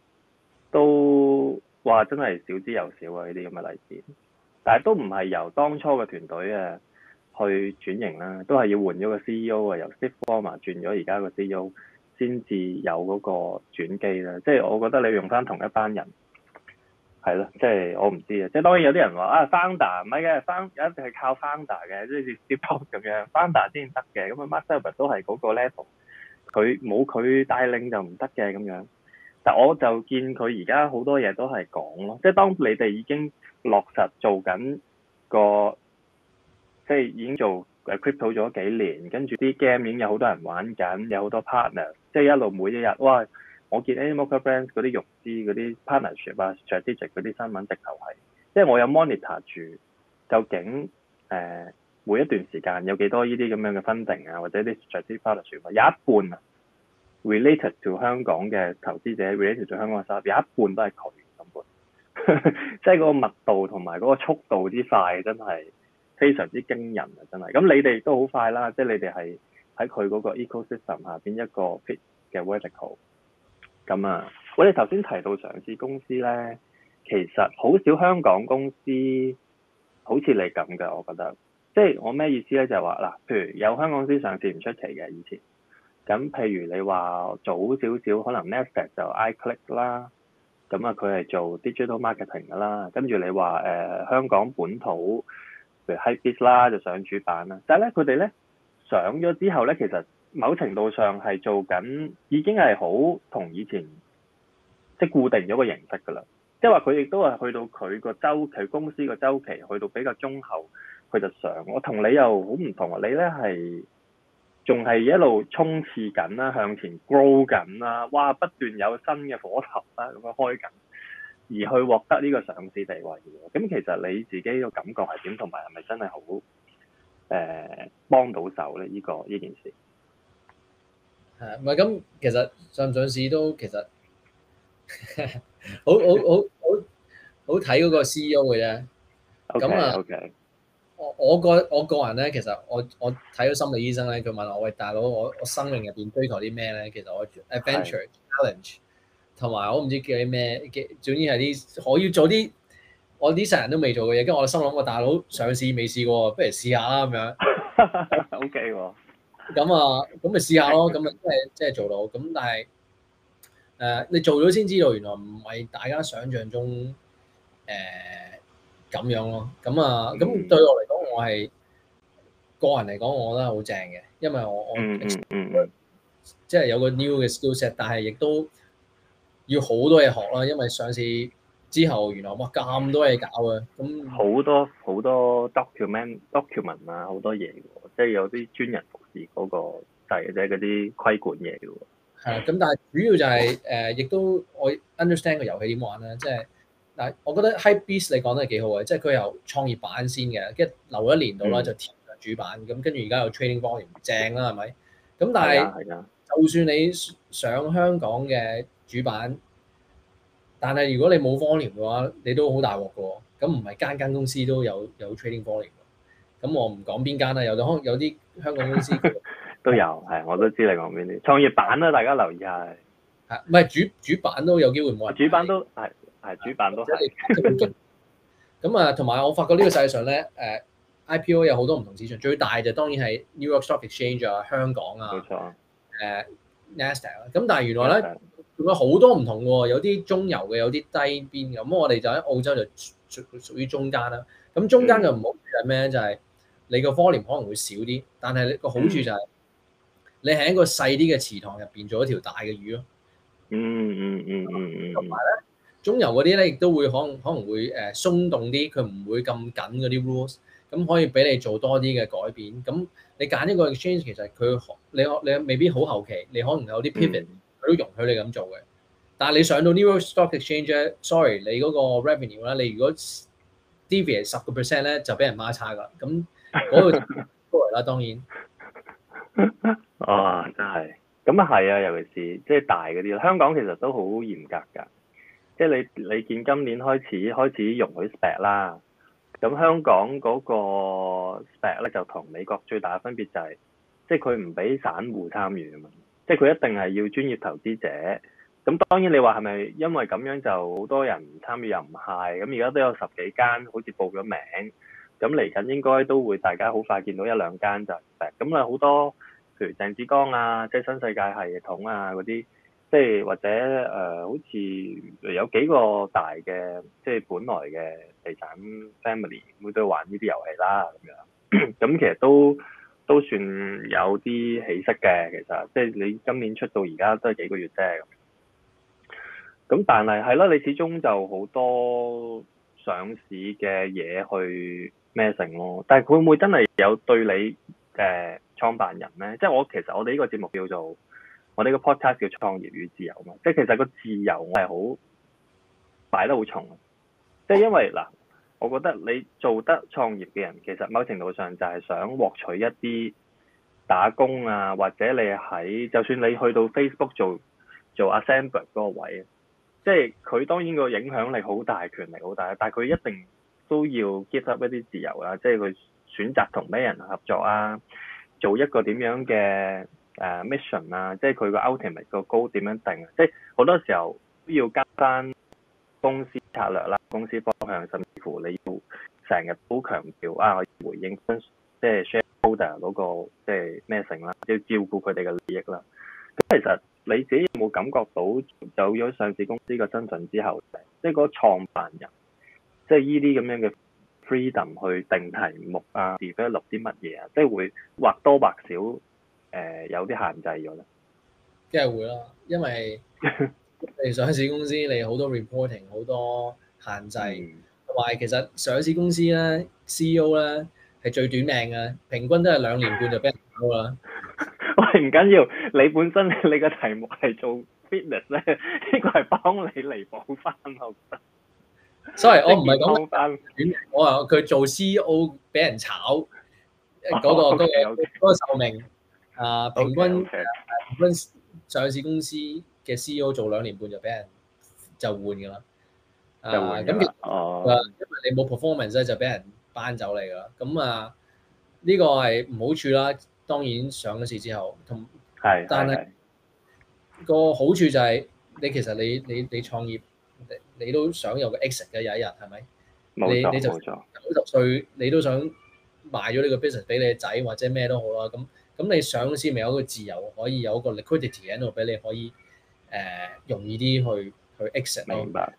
都話真係少之又少啊！呢啲咁嘅例子，但係都唔係由當初嘅團隊啊去轉型啦，都係要換咗個 CEO 啊，由 Steve Ballmer 轉咗而家個 CEO。先至有嗰個轉機咧，即係我覺得你用翻同一班人，係咯，即係我唔知啊，即係當然有啲人話啊 founder 唔係嘅 founder 一定係靠 founder 嘅，即係 support 咁樣 founder 先得嘅，咁啊 Microsoft 都係嗰個 level，佢冇佢帶領就唔得嘅咁樣。但我就見佢而家好多嘢都係講咯，即係當你哋已經落實做緊個，即係已經做 crypto 咗幾年，跟住啲 game 已經有好多人玩緊，有好多 partner。即係一路每一日，哇！我見 Animoca Brands 嗰啲融資、嗰啲 partnership 啊、strategic 嗰啲新聞，直頭係，即係我有 monitor 住，究竟誒、呃、每一段時間有幾多呢啲咁樣嘅分定啊，或者啲 strategic partnership、啊、有一半啊，related to 香港嘅投資者，related to 香港嘅 startup 有一半都係佢咁半， 即係嗰個密度同埋嗰個速度之快，真係非常之驚人啊！真係，咁你哋都好快啦，即係你哋係。喺佢嗰個 ecosystem 下邊一個 fit 嘅 vertical，咁啊，我哋頭先提到上市公司咧，其實好少香港公司好似你咁嘅。我覺得，即係我咩意思咧？就係話嗱，譬如有香港公司上市唔出奇嘅以前，咁譬如你話早少少，可能 Nest 就 iClick 啦，咁啊佢係做 digital marketing 㗎啦，跟住你話誒、呃、香港本土，譬如 Hypebeast 啦就上主板啦，但係咧佢哋咧。上咗之後呢，其實某程度上係做緊，已經係好同以前即固定咗個形式㗎啦。即係話佢亦都係去到佢個週期，公司個週期去到比較中後，佢就上。我同你又好唔同啊，你呢係仲係一路衝刺緊啦，向前 grow 緊啦，哇！不斷有新嘅火頭啦，咁樣開緊，而去獲得呢個上市地位。咁其實你自己個感覺係點，同埋係咪真係好？誒幫到手咧，依、呢個呢件事係唔係咁？其實上唔上市都其實 好好好好好睇嗰個 CEO 嘅啫。咁 Okay, 啊，okay. 我我個我個人咧，其實我我睇咗心理醫生咧，佢問我：喂，大佬，我我生命入邊追求啲咩咧？其實我 adventure 是 challenge 同埋我唔知叫啲咩嘅，總之係啲我要做啲。我啲成人都未做嘅嘢，跟住我心諗個大佬上市未試過，不如試下啦咁樣。O K 喎。咁、嗯、啊，咁咪試下咯。咁、嗯、啊，即係即係做到。咁但係誒，你做咗先知道，原來唔係大家想象中誒咁樣咯。咁啊，咁對我嚟講，我係個人嚟講，我覺得好正嘅，因為我我即係有個 new 嘅 skillset，但係亦都要好多嘢學啦，因為上次。之後原來哇咁多嘢搞啊，咁好多好多 document document 啊，好多嘢嘅，即係有啲專人服侍嗰、那個第或者嗰啲規管嘢嘅喎。啊，咁但係主要就係、是、誒，亦、呃、都我 understand 個遊戲點玩咧，即係但係我覺得 Hypebeast 你講得係幾好嘅，即係佢由創業板先嘅，跟住留一年度啦就填上主板，咁跟住而家有 training volume 正啦，係咪？咁但係、啊啊、就算你上香港嘅主板。但係如果你冇 volume 嘅話，你都好大鑊嘅喎。咁唔係間間公司都有有 trading volume。咁我唔講邊間啦，有啲可能有啲香港公司 都有，係我都知你講邊啲創業板啦、啊，大家留意下。係唔係主主板都有機會冇人買啊？主板都係係主板都。咁 啊，同埋我發覺呢個世界上咧，誒、啊、IPO 有好多唔同市場，最大就當然係 New York Stock Exchange 啊、香港啊、冇錯、誒 Nasdaq 啦。咁、啊啊、但係原來咧。好多唔同喎，有啲中游嘅，有啲低邊嘅。咁我哋就喺澳洲就屬屬於中間啦。咁中間就唔好處係咩就係、是、你個 volume 可能會少啲，但係個好處就係你喺一個細啲嘅池塘入邊做一條大嘅魚咯。嗯嗯嗯嗯嗯。同埋咧，中游嗰啲咧，亦都會可能可能會誒鬆動啲，佢唔會咁緊嗰啲 rules，咁可以俾你做多啲嘅改變。咁你揀一個 exchange，其實佢你你未必好後期，你可能有啲 pivot。佢都容許你咁做嘅，但係你上到 New York Stock Exchange sorry 你嗰個 revenue 啦，你如果 deviate 十個 percent 咧，就俾人抹叉噶，咁嗰個 sorry 啦，當然, 當然。哦，真係，咁啊係啊，尤其是即係大嗰啲啦，香港其實都好嚴格㗎，即係你你見今年開始開始容許 SPAC 啦，咁香港嗰個 SPAC 咧就同美國最大嘅分別就係、是，即係佢唔俾散戶參與㗎嘛。即係佢一定係要專業投資者，咁當然你話係咪因為咁樣就好多人參與又唔係，咁而家都有十幾間好似報咗名，咁嚟緊應該都會大家好快見到一兩間就，咁啊好多，譬如鄭志剛啊，即係新世界系統啊嗰啲，即係或者誒好似有幾個大嘅，即係本來嘅地產 family 會對玩呢啲遊戲啦咁樣，咁其實都。都算有啲起色嘅，其實，即係你今年出到而家都係幾個月啫。咁，咁但係，係咯，你始終就好多上市嘅嘢去咩成咯。但係佢會唔會真係有對你誒創辦人咧？即係我其實我哋呢個節目叫做我哋個 podcast 叫創業與自由嘛。即係其實個自由我係好擺得好重，即係因為嗱。我覺得你做得創業嘅人，其實某程度上就係想獲取一啲打工啊，或者你喺就算你去到 Facebook 做做 Assembler 嗰個位，即係佢當然個影響力好大、權力好大，但係佢一定都要 give up 一啲自由啦、啊，即係佢選擇同咩人合作啊，做一個點樣嘅誒、呃、mission 啊，即係佢個 ultimate 個 goal 點樣定？啊，即係好多時候都要加翻公司策略啦、公司方向，乎你要成日都強調啊！我回應即係 shareholder 嗰個即係咩性啦，要、就是就是、照顧佢哋嘅利益啦。咁其實你自己有冇感覺到有咗上市公司呢個身份之後，即、就、係、是、個創辦人，即係依啲咁樣嘅 freedom 去定題目啊 develop 啲乜嘢啊，即係會或多或少誒、呃、有啲限制咗咧。即係會啦，因為 你上市公司你好多 reporting 好多限制。嗯喂，其實上市公司咧，CEO 咧係最短命噶平均都係兩年半就俾人炒啦。喂，唔緊要，你本身你個題目係做 fitness 咧，呢個係幫你彌補翻，我覺得。sorry，我唔係講彌補翻。我話佢做 CEO 俾人炒，嗰個嗰個嗰個壽命，啊，平均平均上市公司嘅 CEO 做兩年半就俾人就換噶啦。咁啊，嗯、因為你冇 performance 咧，就俾人搬走你啦。咁啊，呢、呢個係唔好處啦。當然上咗市之後同，但係個好處就係你其實你你你，你創業，你都想有個 exit 嘅有一日係咪？冇錯，你就九十歲你都想賣咗呢個 business 俾你仔或者咩都好啦。咁咁你上咗市咪有一個自由，可以有一個 liquidity 喺度俾你可以誒、呃、容易啲去去 exit 咯。明白。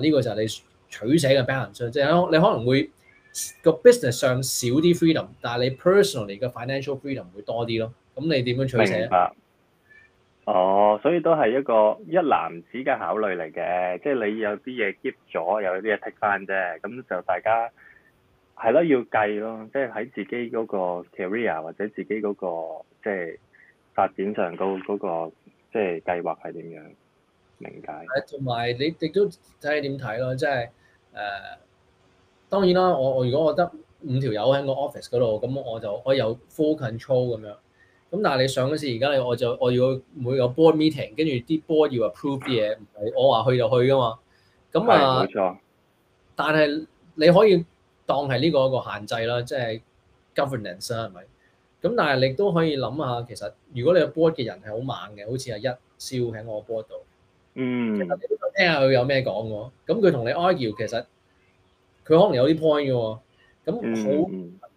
呢個就係你取捨嘅 balance，即係你可能會、個 business 上少啲 freedom，但係你 personally 嘅 financial freedom 會多啲咯。咁你點樣取捨啊？明白。哦，所以都係一個一攬子嘅考慮嚟嘅，即係你有啲嘢 keep 咗，有啲嘢 take 翻啫。咁就大家係咯，要計咯，即係喺自己嗰個 career 或者自己嗰個即係發展上嗰嗰個即係計劃係點樣？誒，同埋你亦都睇你點睇咯，即係誒、呃。當然啦，我我如果我得五條友喺個 office 嗰度，咁我就我有 full control 咁樣。咁但係你上嗰次而家，你我就我要每個 board meeting，跟住啲 board 要 approve 啲嘢，唔係、嗯、我話去就去噶嘛。咁啊，冇錯。但係你可以當係呢個一個限制啦，即係 governance 啦，係咪？咁但係你都可以諗下，其實如果你個 board 嘅人係好猛嘅，好似係一燒喺我個 board 度。嗯，即係你聽下佢有咩講嘅，咁佢同你 argue 其實佢可能有啲 point 嘅，咁好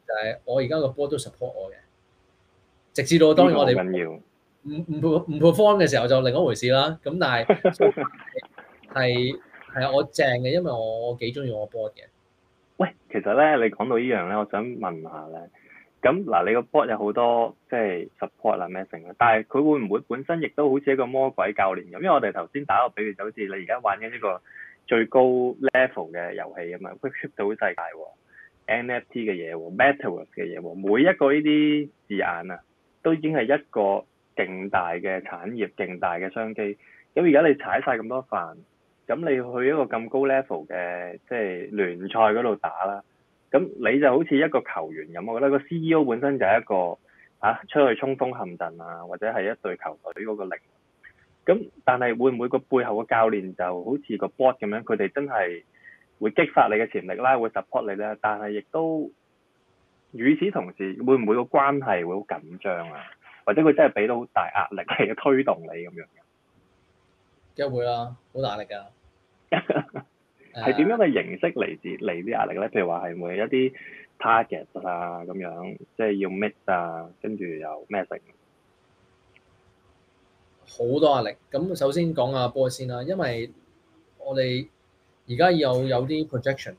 就係我而家個 board 都 support 我嘅，直至到當然我哋唔唔 perform 嘅時候就另一回事啦。咁但係係係我正嘅，因為我我幾中意我 board 嘅。喂，其實咧你講到呢樣咧，我想問下咧。咁嗱，你個 board 有好多即係 support 啊咩成嘅，但係佢會唔會本身亦都好似一個魔鬼教練咁？因為我哋頭先打個比喻就好似你而家玩緊呢個最高 level 嘅遊戲啊嘛，hit s 到世界喎，NFT 嘅嘢喎，metaverse 嘅嘢喎，每一個呢啲字眼啊，都已經係一個勁大嘅產業，勁大嘅商機。咁而家你踩晒咁多飯，咁你去一個咁高 level 嘅即係聯賽嗰度打啦。咁你就好似一個球員咁，我覺得個 CEO 本身就係一個嚇、啊、出去衝鋒陷陣啊，或者係一隊球隊嗰個領。咁但係會唔會個背後個教練就好似個 b o 咁樣，佢哋真係會激發你嘅潛力啦，會 support 你啦，但係亦都與此同時，會唔會個關係會好緊張啊？或者佢真係俾到好大壓力嚟推動你咁樣？梗係會啦，好大壓力㗎。 係點樣嘅形式嚟自嚟啲壓力咧？譬如話係會有一啲 target 啊，咁樣即係要 hit 啊，跟住又咩成好多壓力。咁首先講下波先啦，因為我哋而家有有啲 projection，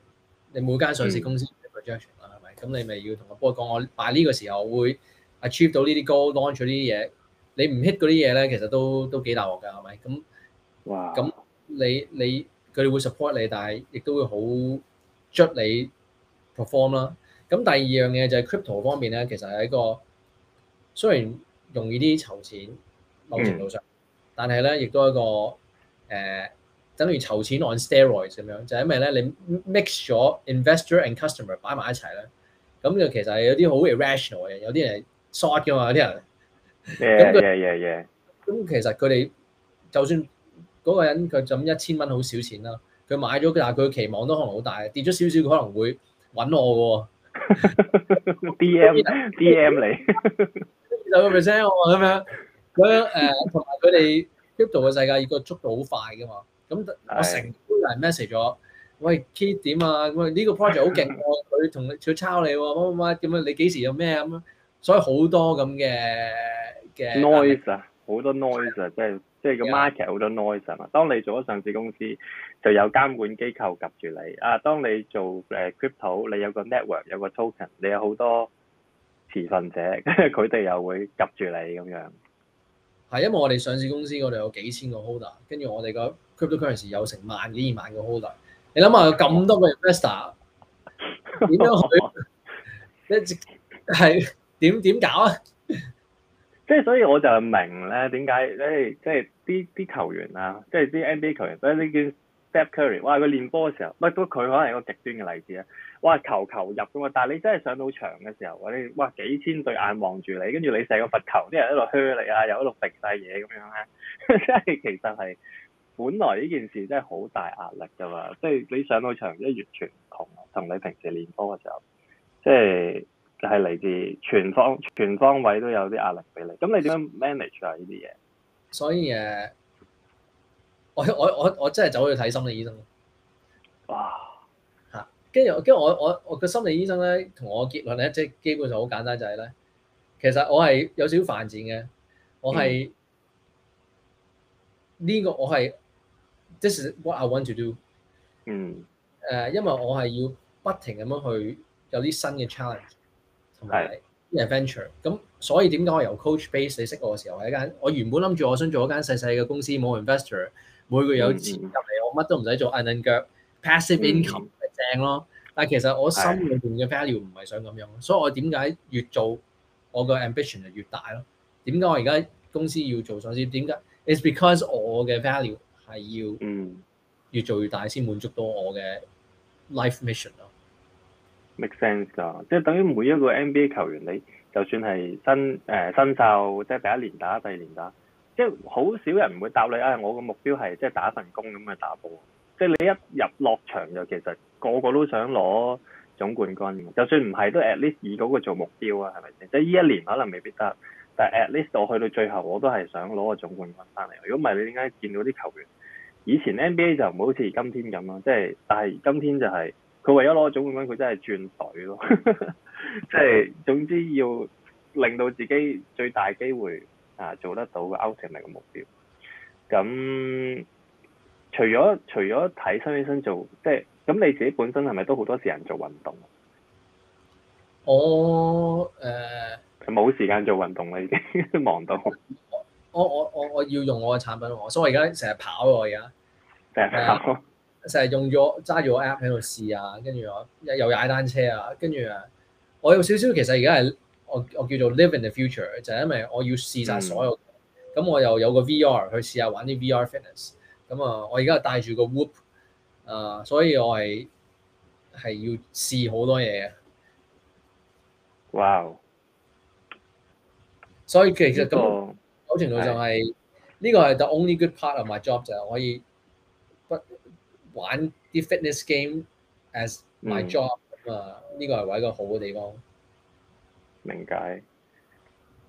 你每間上市公司有啲 projection 啦、嗯，係咪？咁你咪要同阿波講，我喺呢個時候會 achieve 到呢啲 goal，launch 咗呢啲嘢。你唔 hit 嗰啲嘢咧，其實都都幾大鑊㗎，係咪？咁哇，咁你你。你你佢哋會 support 你，但係亦都會好 judge 你 perform 啦。咁第二樣嘢就係 crypto 方面咧其實係一個雖然容易啲籌錢某程度上、嗯、但係咧亦都係一個誒、呃、等於籌錢 on steroids 咁樣就係、是、因為咧你 mix 咗 investor and customer 擺埋一齊咧咁就其實係有啲好 irrational 嘅，有啲人係 short 㗎嘛，有啲人咁其實佢哋就算嗰個人佢就咁一千蚊好少錢啦、啊，佢買咗，但係佢期望都可能好大，跌咗少少佢可能會揾我喎、啊。 D.M. 後 D.M. 你二個 percent 我咁樣咁樣誒，同埋佢哋 Crypto 嘅世界個速度好快嘅嘛，咁我成堆人 message 咗，喂 Keith 點啊？喂，呢、啊這個 project 好勁喎、啊，佢同佢抄你喎、啊，乜乜乜咁樣，你幾時有咩咁樣咁所以好多咁嘅嘅 noise 啊，好的多 noise 啊，即係。即係個 market 好多 noise 吖嘛。當你做咗上市公司，就有監管機構夾住你。啊，當你做誒 crypto，你有個 network，有個 token，你有好多持份者，跟住佢哋又會夾住你咁樣。係因為我哋上市公司，我哋有幾千個 holder，跟住我哋個 cryptocurrency 有成萬幾二萬個 holder。你諗下，有咁多個 investor，點樣？即係點點搞啊？即係所以我就明咧點解誒，即係啲啲球員啊，即係啲 NBA 球員，咁呢啲 Steph Curry，哇佢練波嘅時候，不過佢可能係一個極端嘅例子啊。哇球球入㗎嘛，但係你真係上到場嘅時候，你哇幾千對眼望住你，跟住你成個罰球，啲人一路噓你啊，又一路食晒嘢咁樣咧，即 係其實係本來呢件事真係好大壓力㗎嘛，即係你上到場即係完全啊，同你平時練波嘅時候，即係。就係嚟自，全方位全方位都有啲壓力俾你。咁你點樣 manage 啊？呢啲嘢，所以誒，我我我我真係走去睇心理醫生。哇！嚇，跟住跟住我我我個心理醫生咧，同我結論咧，即係基本上好簡單就係咧，其實我係有少少犯賤嘅，我係呢、嗯、個我係 This is what I want to do 嗯。嗯誒，因為我係要不停咁樣去有啲新嘅 challenge。同埋啲 adventure，咁所以點解我由 coach base 你識我嘅時候，係一間我原本諗住我想做一間細細嘅公司，冇 investor，每個月有錢入嚟，我乜都唔使做，硬硬腳 passive income 係正咯。但係其實我心裏邊嘅 value 唔係想咁樣，所以我點解越做我個 ambition 就越大咯？點解我而家公司要做上市？點解？It's because 我嘅 value 係要越做越大先滿足到我嘅 life mission 咯。make sense 㗎，即係等於每一個 NBA 球員，你就算係新誒、呃、新秀，即係第一年打，第二年打，即係好少人唔會答你啊、哎！我個目標係即係打一份工咁去打波，即係你一入落場就其實個個都想攞總冠軍，就算唔係都 at least 以嗰個做目標啊，係咪先？即係呢一年可能未必得，但係 at least 我去到最後我都係想攞個總冠軍翻嚟。如果唔係，你點解見到啲球員以前 NBA 就唔會好似今天咁咯？即係但係今天就係、是。佢為咗攞個總冠軍，佢真係轉隊咯，即 係、就是、總之要令到自己最大機會啊做得到個歐城嚟嘅目標。咁除咗除咗睇新體身做，即係咁你自己本身係咪都好多時間做運動？我誒，冇時間做運動啦，呃、動已經忙到。我我我我要用我嘅產品喎，所以我而家成日跑喎，而家成日跑。呃成日用咗揸住個 app 喺度試啊，跟住我又踩單車啊，跟住啊，我有少少其實而家係我我叫做 live in the future，就係因為我要試晒所有，咁、嗯、我又有個 VR 去試下玩啲 VR fitness，咁啊我而家帶住個 Whoop，啊、呃，所以我係係要試好多嘢嘅。哇！所以其實到某如果 程度就係、是、呢的個係 the only good part of my job 就係可以。玩啲 fitness game as my job 啊、嗯！呢、uh, 個係一個好嘅地方。明解。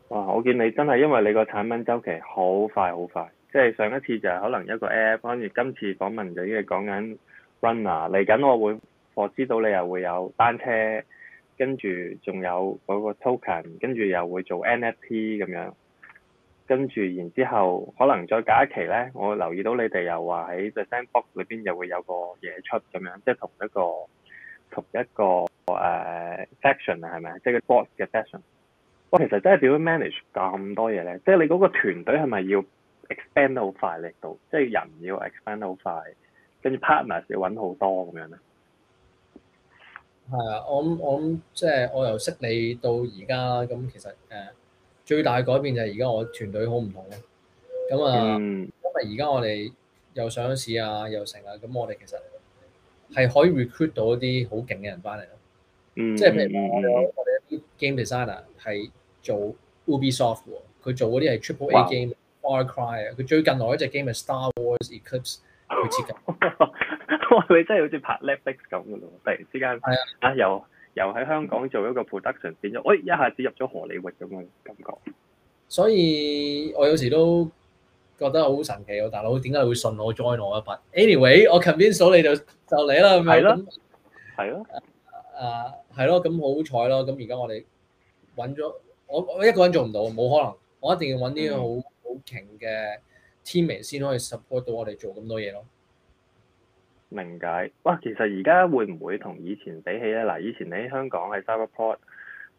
哇！我見你真係，因為你個產品周期好快好快，即係上一次就係可能一個 app，跟住今次訪問就已經係講緊 runner 嚟緊我會，我知道你又會有單車，跟住仲有嗰個 token，跟住又會做 NFT 咁樣。跟住，然之後可能再隔一期咧，我留意到你哋又話喺 The Sandbox 裏邊又會有個嘢出咁樣，即係同一個同一個誒、uh, section 啊，係咪？即係個 box 嘅 section。哇，其實真係點樣 manage 咁多嘢咧？即係你嗰個團隊係咪要 expand 好快力度？即係人要 expand 好快，跟住 partners 要揾好多咁樣咧？係啊，我我即係我由識你到而家咁，其實誒。Uh 最大嘅改變就係而家我團隊好唔同咯，咁啊，因為而家我哋又上市啊，又成啊，咁我哋其實係可以 recruit 到一啲好勁嘅人翻嚟咯。嗯、即係譬如話，我有我哋一啲 game designer 係做 Ubisoft，佢做嗰啲係 Triple A game，Far 哇 Cry 啊，佢最近來一隻 game 係 Star Wars Eclipse 佢設計。哇、 嗯！你真係好似拍 Netflix 咁嘅咯，突然之間嚇、啊啊、有。又喺香港做一個 production，變咗，喂，一下子入咗荷里活咁嘅感覺。所以我有時都覺得好神奇，我大佬點解會信我 join 我一筆？Anyway，我 convince 你就就你啦，係咪？係咯。係咯。啊，係咯，咁好彩咯。咁而家我哋揾咗我我一個人做唔到，冇可能。我一定要揾啲好好勁嘅 team 嚟先可以 support 到我哋做咁多嘢咯。明解，哇！其實而家會唔會同以前比起咧？嗱，以前你喺香港喺 Cyberport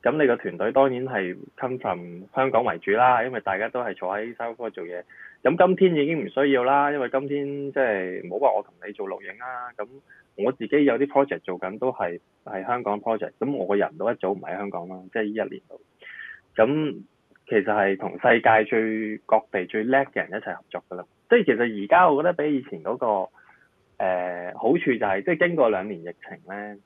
咁你個團隊當然係 come from 香港為主啦，因為大家都係坐喺 Cyberport 做嘢。咁今天已經唔需要啦，因為今天即係唔好話我同你做錄影啦。咁我自己有啲 project 做緊都係係香港 project，咁我個人都一早唔喺香港啦，即係呢一年度。咁其實係同世界最各地最叻嘅人一齊合作㗎啦。即係其實而家我覺得比以前嗰、那個。誒、呃、好處就係、是，即係經過兩年疫情咧，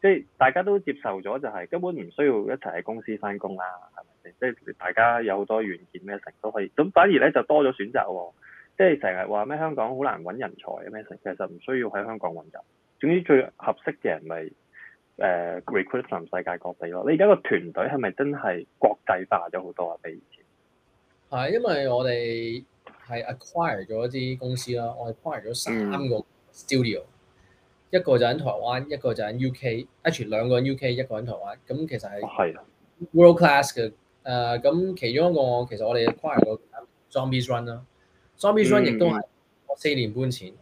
即係大家都接受咗、就是，就係根本唔需要一齊喺公司翻工啦，係咪？即係大家有好多軟件咩成都可以，咁反而咧就多咗選擇喎、哦。即係成日話咩香港好難揾人才啊咩成，其實唔需要喺香港揾人。總之最合適嘅人咪誒 recruitment 世界各地咯。你而家個團隊係咪真係國際化咗好多啊？比以前係因為我哋係 acquire 咗一啲公司啦，我係 acquire 咗三個、嗯。Studio 一個就喺台灣，一個就喺 U.K.，兩個人 U.K. 一個喺台灣。咁其實係 world class 嘅。誒、呃，咁其中一個，其實我哋 acquire 咗 Zombies Run 啦。Zombies Run 亦都係我四年半前，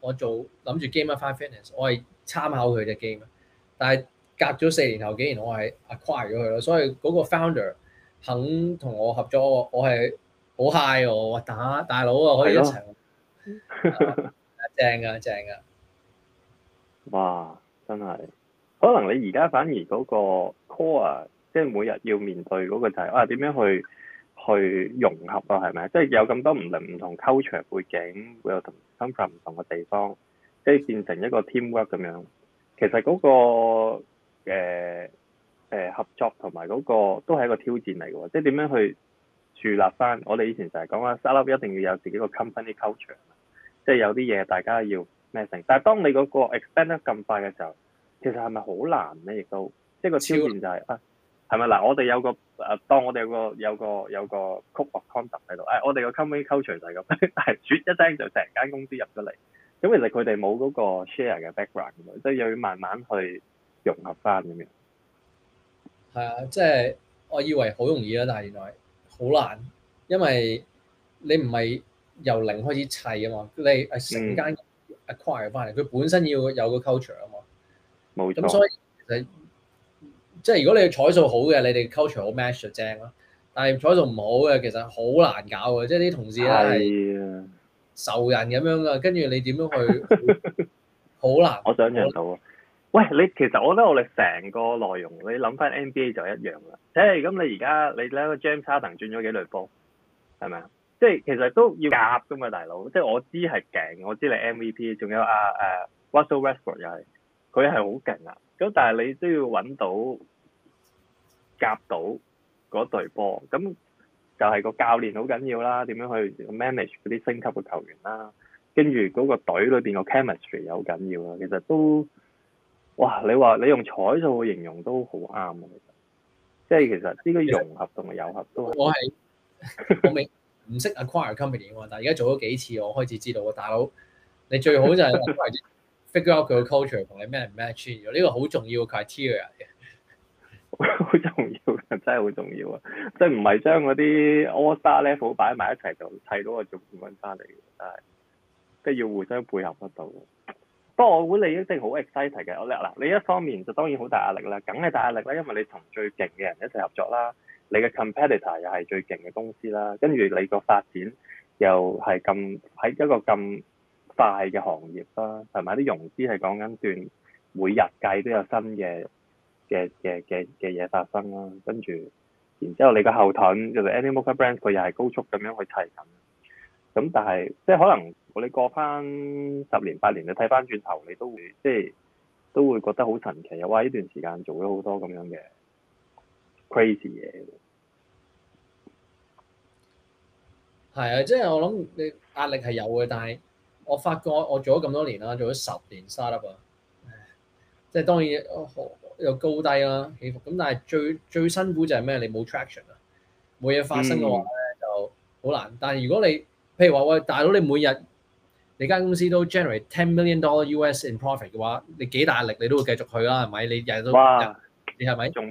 我做諗住 game 翻 fitness，我係參考佢隻 game。但係隔咗四年後幾年，我係 acquire 咗佢咯。所以嗰個 founder 肯同我合作，我係好 high 喎！我話打大佬啊，可以一齊。正啊，正啊。哇，真係，可能你而家反而嗰個 core，即係每日要面對嗰個就係、是、啊，點樣去去融合啊？係咪？即係有咁多唔同唔同 culture 背景，會有同 come from 唔同嘅地方，即係變成一個 teamwork 咁樣。其實嗰、那個誒、呃呃、合作同埋嗰個都係一個挑戰嚟嘅喎，即係點樣去樹立翻？我哋以前就係講啊，沙律一定要有自己個 company culture。即係有啲嘢大家要 matching，但係當你嗰個 expand 得咁快嘅時候，其實係咪好難咧？亦都即係個挑戰就係啊，係咪嗱？我哋有個誒，當我哋有個有個有個 culture concept 喺度，誒，我哋個 company culture 就係咁係，轉一聲就成間公司入咗嚟，咁其實佢哋冇嗰個 share 嘅 background，即係又要慢慢去融合翻咁樣。係啊，即係我以為好容易啦，但係原來好難，因為你唔係，由零開始砌啊嘛，你係成間 acquire 翻嚟，佢本身要有個 culture 啊嘛。冇錯。咁所以，即係如果你彩數好嘅，你哋 culture 好 match 就正囉。但係彩數唔好嘅，其實好難搞嘅，即係啲同事咧係仇人咁樣啊。跟住你點樣去？好難。我想象到。喂，你其實我覺得我哋成個內容，你諗翻 NBA 就一樣啦。誒，咁你而家你咧 James Harden 轉咗幾類波，係咪啊？即係其實都要夾噶嘛，大佬。即係我知係勁，我知你 MVP，仲有阿誒 Russell Westbrook 又係，佢係好勁啊。咁、啊、但係你都要揾到夾到嗰隊波，咁就係個教練好緊要啦。點樣去 manage 嗰啲升級嘅球員啦？跟住嗰個隊裏邊個 chemistry 又好緊要啊。其實都哇，你話你用彩數形容都好啱啊。即係其實呢個融合同埋有合都我係我明。 唔識 acquire company 但係而家做咗幾次，我開始知道喎。大佬，你最好就係 figure out 佢個 culture 同你咩 change 咗，呢個好重要嘅 criteria 嘅，好重要嘅，真係好重要啊！即係唔係將嗰啲 all star level 擺埋一齊就係到個組合翻嚟嘅，真係，即係要互相配合得到。不過我估你一定好 excited 嘅，我叻嗱，你一方面就當然好大壓力啦，梗係大壓力啦，因為你同最勁嘅人一齊合作啦。你嘅 competitor 又係最勁嘅公司啦，跟住你個發展又係咁喺一個咁快嘅行業啦，同埋啲融資係講緊段，每日計都有新嘅嘅嘅嘅嘅嘢發生啦，跟住然之後你個後盾，就是、Animoca Brands 佢又係高速咁樣去砌緊，咁但係即係可能你過翻十年八年，你睇翻轉頭你都會即係都會覺得好神奇啊！哇！呢段時間做咗好多咁樣嘅 crazy 嘢，係啊，即係我諗你壓力係有嘅，但係我發覺我做咗咁多年啦，做咗十年 startup 啊，即係當然好有、哦、高低啦，起伏咁。但係最最辛苦就係咩？你冇 traction 啊，冇嘢發生嘅話咧就好難。嗯、但係如果你譬如話喂大佬，你每日你間公司都 generate ten million dollar U.S. in profit 嘅話，你幾大壓力你都會繼續去啦，係咪？你日日都哇你係咪仲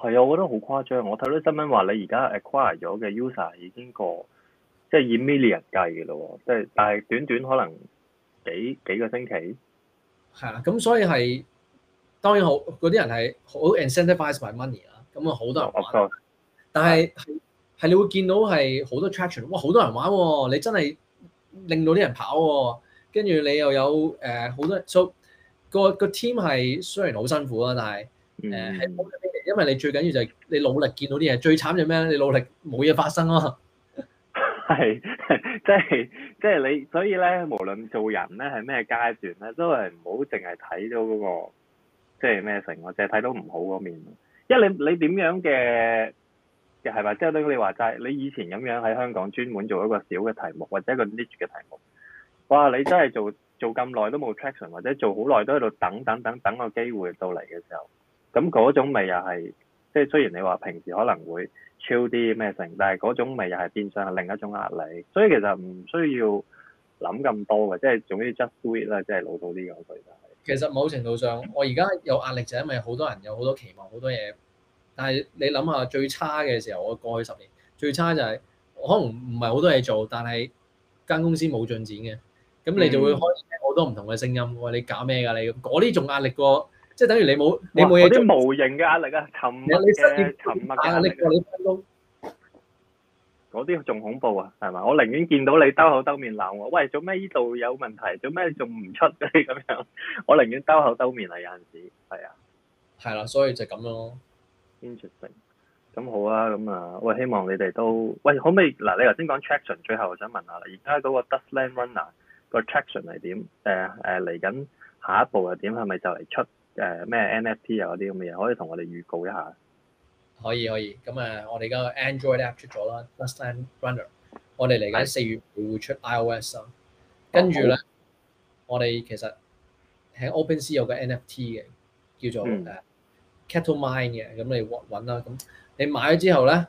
係啊，我覺得好誇張。我睇到啲新聞話，你而家 acquire 咗嘅 user 已經過即係、就是、以 million 計嘅咯。即係但係短短可能幾幾個星期係啦。咁所以係當然好嗰啲人係好 incentivised by money 啦。咁啊好多人。但係係你會見到係好多 traction。哇，好多人玩喎、哦！你真係令到啲人跑、哦，跟住你又有誒好、呃、多。所以個個 team 係雖然好辛苦啊，但係誒係，嗯、因為你最緊要就係你努力見到啲嘢。最慘就咩咧？你努力冇嘢發生咯，係即係即係你。所以咧，無論做人咧係咩階段咧，都係唔好淨係睇到嗰個即係咩成，我淨係睇到唔好嗰面。因為你你點樣嘅係咪？即係對你話齋，你以前咁樣喺香港專門做一個小嘅題目或者一個 niche 嘅題目，哇！你真係做做咁耐都冇 traction，或者做好耐都喺度等等等等個機會到嚟嘅時候。咁嗰種味又係，即係雖然你話平時可能會超啲咩性，但係嗰種味又係變相係另一種壓力。所以其實唔需要諗咁多嘅，即係總之 just breathe 啦，即係老到啲咁。其實某程度上，我而家有壓力就因為好多人有好多期望，好多嘢。但係你諗下最差嘅時候，我過去十年最差就係、是、可能唔係好多嘢做，但係間公司冇進展嘅。咁你就會開始聽好多唔同嘅聲音，喂、嗯、你搞咩㗎你？嗰啲仲壓力過。即係等於你冇你冇嘢出嗰啲無形嘅壓力啊，沉默嘅沉默嘅壓力嗰啲仲恐怖啊，係嘛？我寧願見到你兜口兜面鬧我，喂，做咩呢度有問題？做咩你仲唔出？咁樣我寧願兜口兜面啊！有陣時係啊，係啦，所以就咁樣咯。Interesting，咁好啊，咁啊，喂，希望你哋都喂，可唔可以嗱？你頭先講 traction，最後我想問下啦，而家嗰個 Dustland Runner 個 traction 係點？誒誒嚟緊下一步係點？係咪就嚟出？誒咩 NFT 啊嗰啲咁嘅嘢，可以同我哋預告一下。可以可以，咁啊，我哋而家 Android app 出咗啦，Dustland Runner。我哋嚟緊四月會出 iOS 啊。跟住咧，我哋其實喺 OpenSea 有個 NFT 嘅，叫做誒 Cattle Mine 嘅。咁你揾揾啦，咁你買咗之後咧，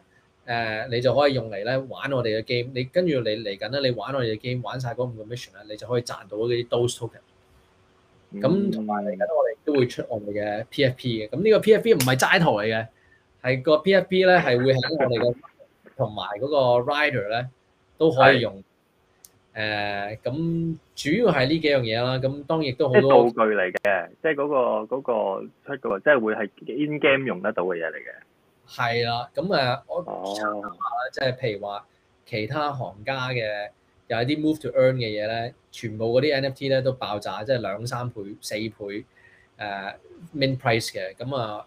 誒你就可以用嚟咧玩我哋嘅 game。你跟住嚟嚟緊啦，你玩我哋嘅 game，玩曬嗰五個 mission 咧，你就可以賺到嗰啲 DOSE Token。咁同埋嚟緊我哋都會出我哋嘅 PFP 嘅，咁呢個 PFP 唔係齋圖嚟嘅，係個 PFP 咧係會喺我哋嘅，同埋嗰個 rider 咧都可以用。誒、 呃，咁主要係呢幾樣嘢啦。咁當然亦都好多道具嚟嘅、就是那個那個，即係嗰個嗰個出嘅，即係會係 in game 用得到嘅嘢嚟嘅。係啦、啊，咁誒，呃哦、我講下啦，即係譬如話其他行家嘅。有啲 move to earn 嘅嘢咧，全部嗰啲 NFT 咧都爆炸，即係兩三倍、四倍誒、uh, min price 嘅。咁啊，uh,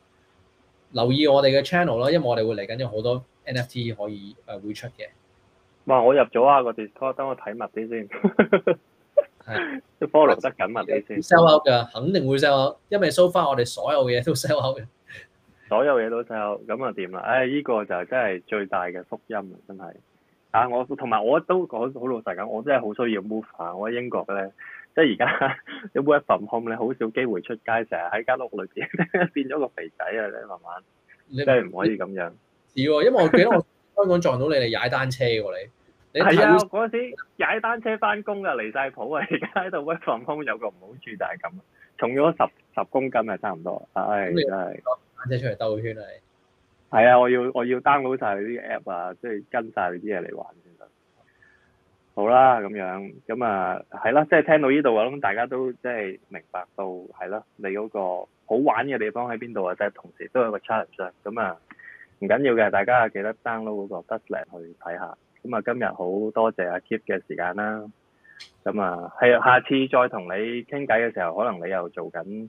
留意我哋嘅 channel 啦，因為我哋會嚟緊有好多 NFT 可以誒、uh, 會出嘅。哇！我入咗啊個 Discord，等我睇密啲先。係 的，啲 follow 得緊密啲先。sell out 㗎，肯定會 sell out，因為 so far 我哋所有嘢都 sell out 嘅。 所有嘢都 sell out，咁啊掂啦？唉，依、哎呢個就真係最大嘅福音啊！真係。啊！我同埋我都講好老實講，我真係好需要 move 下、啊。我喺英國咧，即係而家 work from home 咧，好少機會出街，成日喺間屋裏邊，變咗個肥仔啊！你慢慢，你唔可以咁樣。因為我記得我香港撞到你哋 踩單車喎，你。係啊。嗰陣時踩單車翻工啊，離晒譜啊，而家喺度 work from home 有個唔好處就係咁，重咗十十公斤啊，差唔多。唉、哎。單車出嚟兜圈啊！是 係啊，我要我要 download 晒佢啲 app 啊，即係跟晒佢啲嘢嚟玩先得。好啦，咁樣咁啊，係啦，即係聽到呢度啊，咁大家都即係明白到係啦，你嗰個好玩嘅地方喺邊度啊？即係同時都有個 challenge。啊。咁啊，唔緊要嘅，大家啊記得 download 嗰個 Dustland 去睇下。咁啊，今日好多謝阿 Keith 嘅時間啦。咁啊，係下次再同你傾偈嘅時候，可能你又做緊。